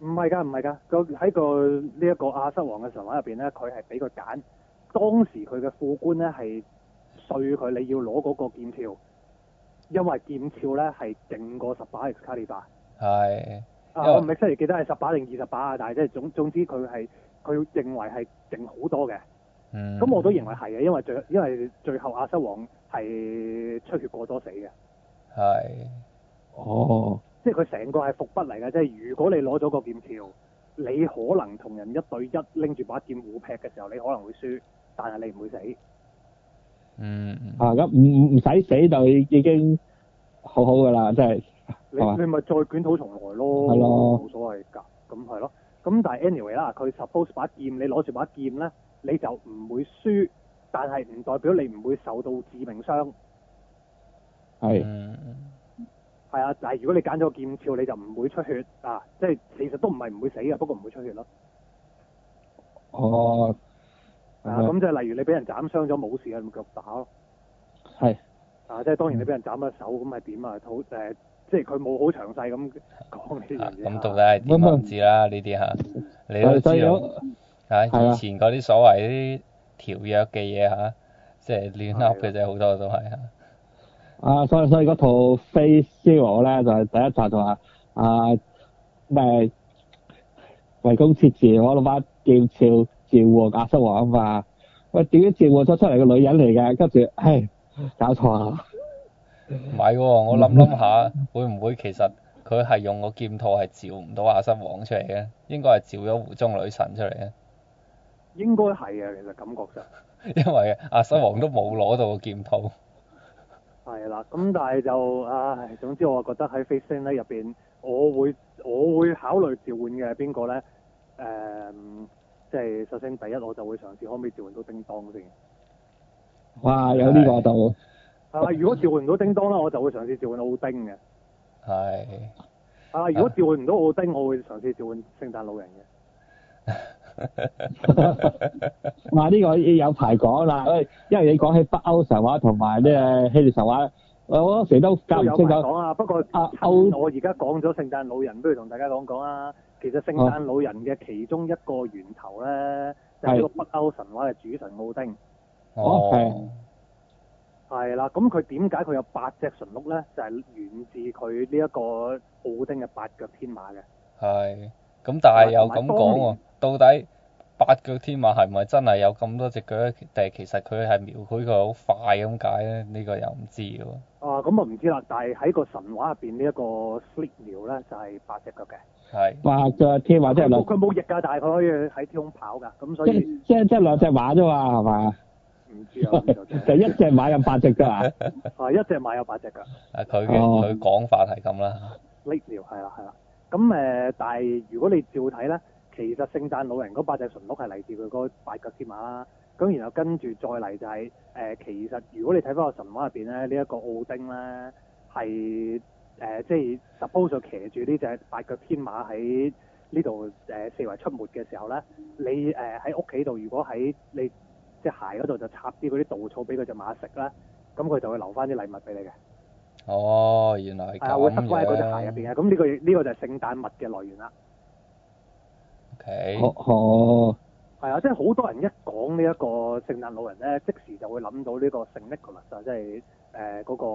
唔係㗎，唔係㗎，喺、呢個呢一、呢個亞瑟王嘅神話入面呢，呢佢係俾佢揀，當時佢嘅副官呢係碎佢，你要攞嗰個劍鞘，因為劍鞘呢係勁過十把 Excalibur。係、啊。我唔係失而記得係十把定二十把啊，但係即係總,總之佢係佢認為係勁好多嘅。嗯。咁我都認為係嘅，因為最因為最後亞瑟王係出血過多死嘅。係。哦。哦即係佢成個係伏筆嚟嘅，即係如果你攞咗個劍鞘，你可能同人一對一拎住把劍互劈嘅時候，你可能會輸，但係你唔會死。嗯。啊，咁唔唔使死就已經好好噶啦，即係。你你咪再捲土重來咯。係咯。冇所謂㗎，咁係咯。咁但係 anyway 啦，佢 suppose 把劍，你攞住把劍咧，你就唔會輸，但係唔代表你唔會受到致命傷。係。嗯。係啊，但係如果你揀咗劍鞘，你就唔會出血啊！即係其實都唔係唔會死啊，不過唔會出血咯。哦。啊，咁即係例如你俾人斬傷咗冇事，用腳打咯。係、嗯嗯。啊，即係當然你俾人斬咗手，咁係點啊？好、嗯、誒，即係佢冇好詳細咁講呢啲嘢。咁、啊啊、到底係點啊？唔知啦呢啲吓，你都知道。係、啊、以，以前嗰啲所謂啲條約嘅嘢吓，即係亂噏嘅，真係好多都係啊。啊、uh，所以所以嗰套《Fate Zero》咧，就係、是、第一集就話啊，咩衛宮切嗣，我老諗翻劍鞘照亞瑟王啊嘛，喂，點知照咗出嚟個女人嚟嘅，跟住係搞錯啊，唔係、哦、我諗諗下，會唔會其實佢係用個劍套係照唔到亞瑟王出嚟嘅，應該係照咗湖中女神出嚟嘅，應該係啊，其實感覺上， 因為亞瑟王都冇攞到個劍套。係啦，咁但係就、哎、總之我覺得喺 f a c h i n g 咧入邊，我會我會考慮召喚嘅係邊個咧？誒，即係首先第一，我就會嘗試可唔可以召喚到叮當先。哇！有呢、這個就係如果召喚唔到叮當啦， 我就會嘗試召喚奧丁嘅。係。啊！如果召喚唔到奧丁，我會嘗試召喚聖誕老人嘅。嗱，呢個有排講啦，因為你講起北歐神話同埋呢個希臘神話，我成日都搞唔清楚啊。不過趁，我而家講咗聖誕老人，不如同大家講講啊。其實聖誕老人嘅其中一個源頭咧，就係個北歐神話嘅主神奧丁。哦，係啦。咁佢點解佢有八隻神鹿咧？就係源自佢呢一個奧丁嘅八腳天馬嘅。係，咁但係又咁講啊？到底八腳天馬係唔係真係有咁多隻腳咧？定係其實佢係描繪佢佢好快咁解咧？呢、這個又唔知喎。啊，咁我唔知啦。但係喺個神話入邊，呢、這、一個 slick 描咧就係八隻腳嘅。係。八、啊、腳天馬即係兩、佢冇翼㗎，但係佢可以喺天空跑㗎，咁所以。即係即係兩隻馬啫嘛，係、嗯、嘛？唔知啊。 就一隻馬有八隻啫嘛。 啊！一隻馬有八隻腳㗎。啊，佢嘅佢講法係咁啦。slick 描係啦係啦，咁誒、嗯，但係如果你照睇咧。其實聖誕老人嗰八隻馴鹿係嚟自佢嗰八腳天馬啦，咁然後跟住再嚟就係、是、誒、呃，其實如果你睇翻個神話入邊咧，呢、這、一個奧丁咧係誒，即係 suppose 就騎住呢隻八腳天馬喺呢度誒四圍出沒嘅時候咧，你誒喺屋企度，呃、在如果喺你隻鞋嗰度就插啲嗰啲稻草俾嗰隻馬食啦，咁佢就會留翻啲禮物俾你嘅。哦，原來係咁嘅。係、哎、啊，我會塞翻喺嗰隻鞋入邊嘅。咁呢、這個呢、這個就係聖誕物嘅來源啦。好好係啊，即係好多人一講呢一個聖誕老人咧，即時就會諗到呢個聖一、呃那個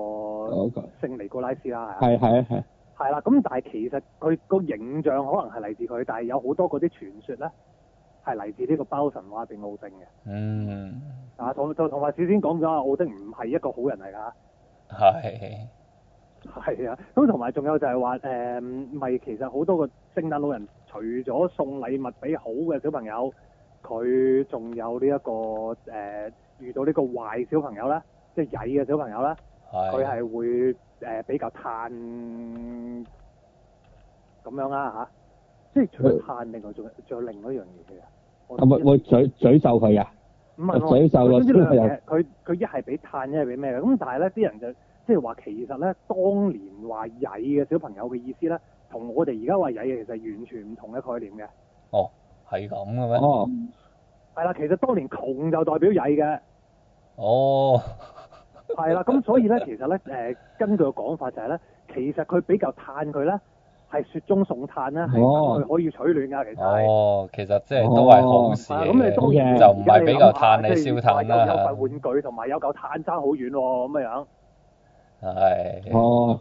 人就即係誒嗰個聖尼古拉斯啦，係、okay. 啊，係係啊係。係啦，咁但係其實佢個形象可能係嚟自佢，但係有好多嗰啲傳說咧係嚟自呢個包神話定奧丁嘅。嗯，啊同同埋，事先講咗啊，奧丁唔係一個好人嚟噶。係係啊，咁同埋仲有就係話誒，咪、嗯、其實好多個聖誕老人。除咗送禮物俾好嘅小朋友，佢仲有呢一個誒遇到呢個壞小朋友咧，即係曳嘅小朋友咧，佢係會誒比較嘆咁樣啦嚇，即係除咗嘆，另外仲仲有另外一樣嘢嘅，係咪會咀咀咒佢啊？唔係，咀咒咯，即係佢佢佢一係俾嘆，一係俾咩嘅？咁但係咧，啲人就即係話其實咧，當年話曳嘅小朋友嘅意思咧。同我哋而家話曳嘅，其實完全唔同嘅概念嘅。哦，係咁嘅咩？哦，係啦，其實當年窮就代表曳嘅。哦。係啦，咁所以咧，其實咧，誒，根據個講法就係咧，其實佢比較探佢咧，係雪中送炭咧，係可以取暖噶，其實。哦，其實即係都係好事。咁你當然就唔係比較探你燒炭啦，係。有份玩具同埋有嚿炭差好遠喎，咁樣。係。哦。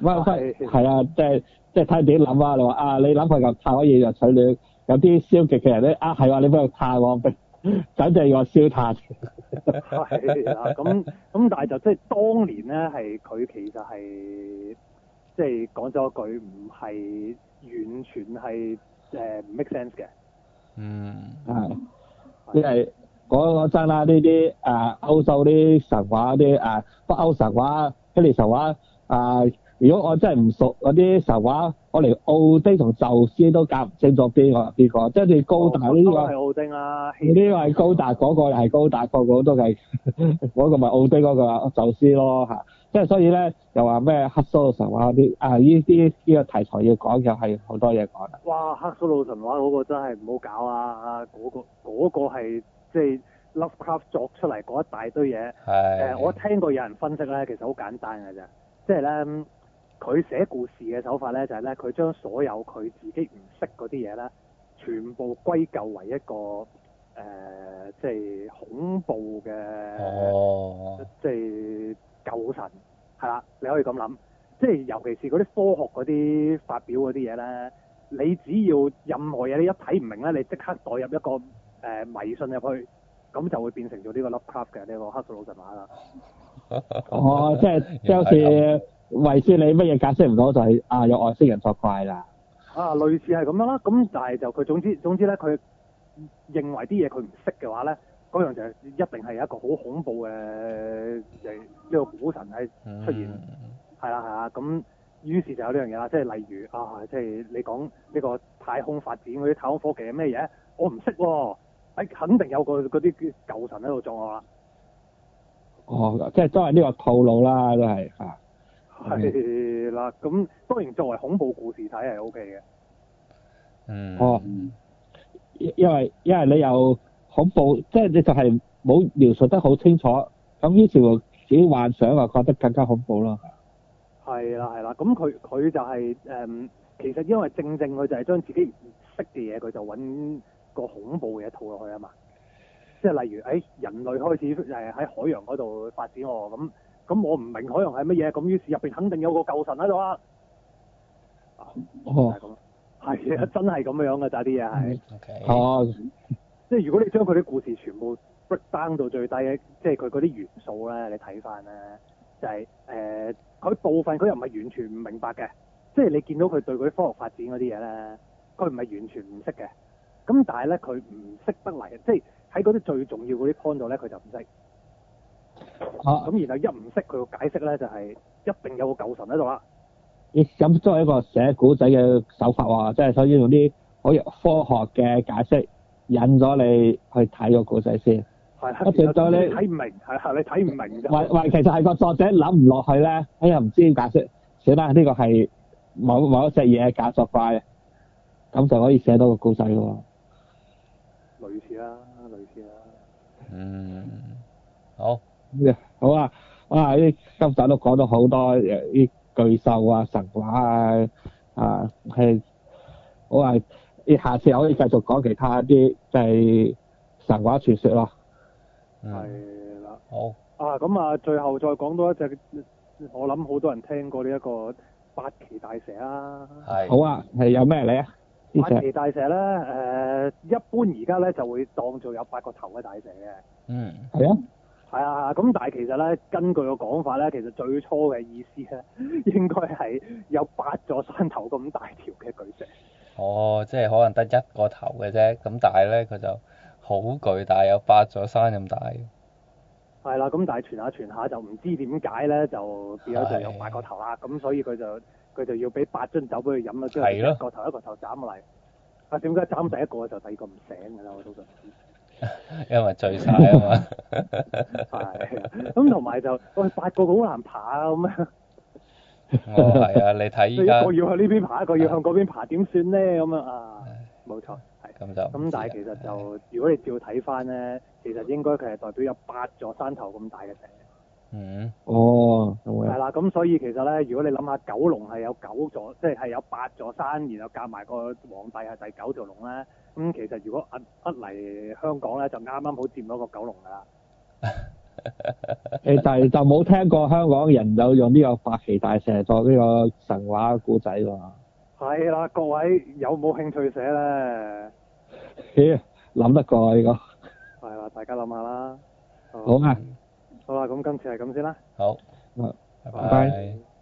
喂係，係啊，即係即係睇你自己諗啊！你話啊，你諗佢又太可以又取暖；有啲消極嘅人咧啊，係啊，你不佢太喎，簡直係話燒炭。咁咁但係就即係當年咧，係佢其實係即係講咗句唔係完全係誒唔 make sense 嘅。嗯，係、嗯，即係講講真啦呢啲誒、就是呃嗯那個、歐洲啲神話啲誒北歐神話、希臘神話啊。如果我真係唔熟嗰啲神話，我連奧丁同宙斯都搞唔清楚邊個邊個，即係高達呢、這個？呢、哦這個係奧丁啦、啊。呢、這個係高達嗰、啊那個，又係高達，個個都係嗰、啊、 個咪奧丁嗰、那個宙斯咯嚇。即係所以咧，又話咩黑蘇魯神話嗰啲啊呢啲呢個題材要講，又係好多嘢講。哇！黑蘇魯神話嗰個真係唔好搞啊！嗰、那個嗰、那個係即係 Lovecraft 作出嚟嗰一大堆嘢、呃。我聽過有人分析咧，其實好簡單嘅啫，即係咧。佢寫故事嘅手法咧，就係、是、咧，佢將所有佢自己唔識嗰啲嘢咧，全部歸咎為一個誒、呃，即係恐怖嘅，oh. 即係舊神，係啦，你可以咁諗，即係尤其是嗰啲科學嗰啲發表嗰啲嘢咧，你只要任何嘢你一睇唔明咧，你即刻代入一個、呃、迷信入去，咁就會變成咗呢個 Lovecraft 嘅呢、呢個克蘇魯神話啦。哦、 oh，即係即好似。為先你乜嘢解釋唔到就係、是、啊，有外星人作怪啦，啊類似係咁樣啦，咁但係就佢總之總之咧佢認為啲嘢佢唔識嘅話咧嗰樣就係一定係有一個好恐怖嘅，誒呢個古神喺出現，係啦係啦，咁於是就有呢樣嘢啦，即係例如啊，即係、就是、你講呢個太空發展嗰啲太空科技係咩嘢我唔識喎，誒肯定有個嗰啲舊神喺度作惡啦，哦、啊、即係都係呢個套路啦，都係係啦，咁當然作為恐怖故事睇係 O K 嘅。嗯。哦。因為因為你又恐怖，即係你就係冇描述得好清楚，咁於是乎自己幻想話覺得更加恐怖咯。係啦係啦，咁佢佢就係、是、誒、嗯，其實因為正正佢就係將自己唔識嘅嘢，佢就搵個恐怖嘅嘢套落去啊嘛。即係例如喺、哎、人類開始誒喺海洋嗰度發展喎咁。哦嗯咁、嗯、我唔明海洋係乜嘢，咁於是入邊肯定有個舊神喺度啊。哦、oh.，係、oh. 啊，真係咁樣噶咋啲嘢係。Okay. Oh. 即係如果你將佢啲故事全部 break down 到最低，即係佢嗰啲元素咧，你睇翻咧就係、是、佢、呃、部分佢又唔係完全唔明白嘅，即係你見到佢對佢科學發展嗰啲嘢咧，佢唔係完全唔識嘅。咁但係咧，佢唔識得嚟，即係喺嗰啲最重要嗰啲 point 度咧，佢就唔識。啊，咁然後一唔識佢嘅解釋咧，就係一定有個舊神喺度啦。咁、啊、作為一個寫古仔嘅手法話、啊，即係首先用啲好科學嘅解釋引咗你去睇個古仔先。係啊，最多你睇唔明，係你睇唔明。喂喂，其實係個作者諗唔落去咧，哎呀，唔知點解釋。算啦，呢、這個係某某一隻嘢假作怪，咁就可以寫到個古仔噶嘛。類似啦、啊，類似啦、啊。嗯，好。好啊，哇！呢今集都講咗好多，誒，呢巨獸啊，神話啊，啊，係好啊，下次我可以繼續講其他一啲，就係神話傳說咯。係、嗯、啦，好啊，咁啊，最後再講多一隻，我諗好多人聽過呢一個八岐大蛇啊。係。好啊，係有咩啊，八岐大蛇咧，誒、呃，一般而家咧就會當做有八個頭嘅大蛇嘅。嗯，係啊。係啊，咁但係其實咧，根據個講法咧，其實最初嘅意思咧，應該係有八座山頭咁大條嘅巨蛇。哦，即係可能得一個頭嘅啫，咁但係咧，佢就好巨大，有八座山咁大。係啦、啊，咁但係傳下傳下就唔知點解咧，就變咗就有八個頭啦，咁、啊、所以佢就佢就要俾八樽酒俾佢飲咗之後，一,一個頭一個頭斬落嚟。啊，點解斬第一個就第二個唔醒㗎啦？我都唔知。 因為聚晒啊嘛， 係，咁同埋就我哋八個好難爬、， 哦、要要爬，爬啊。咁樣，係啊，你睇一個要向呢邊爬，一個要向嗰邊爬，點算咧咁樣啊？冇錯，係，咁就，咁但係其實就如果你照睇翻咧，其實應該佢係代表有八座山頭咁大嘅蛇。嗯，哦，係、哦、啦，咁、哦、所以其實咧，如果你諗下九龍係有九座，即係係有八座山，然後夾埋個皇帝係第九條龍咧。咁其實如果一一嚟香港咧，就啱啱好佔咗個九龍啦。誒，但係就冇聽過香港人有用呢個八岐大蛇作呢個神話古仔喎。係啦，各位有冇興趣寫咧？諗得過啊呢個。係啦，大家諗下啦。好啊。好啦，咁今次係咁先啦。好。嗯。拜拜。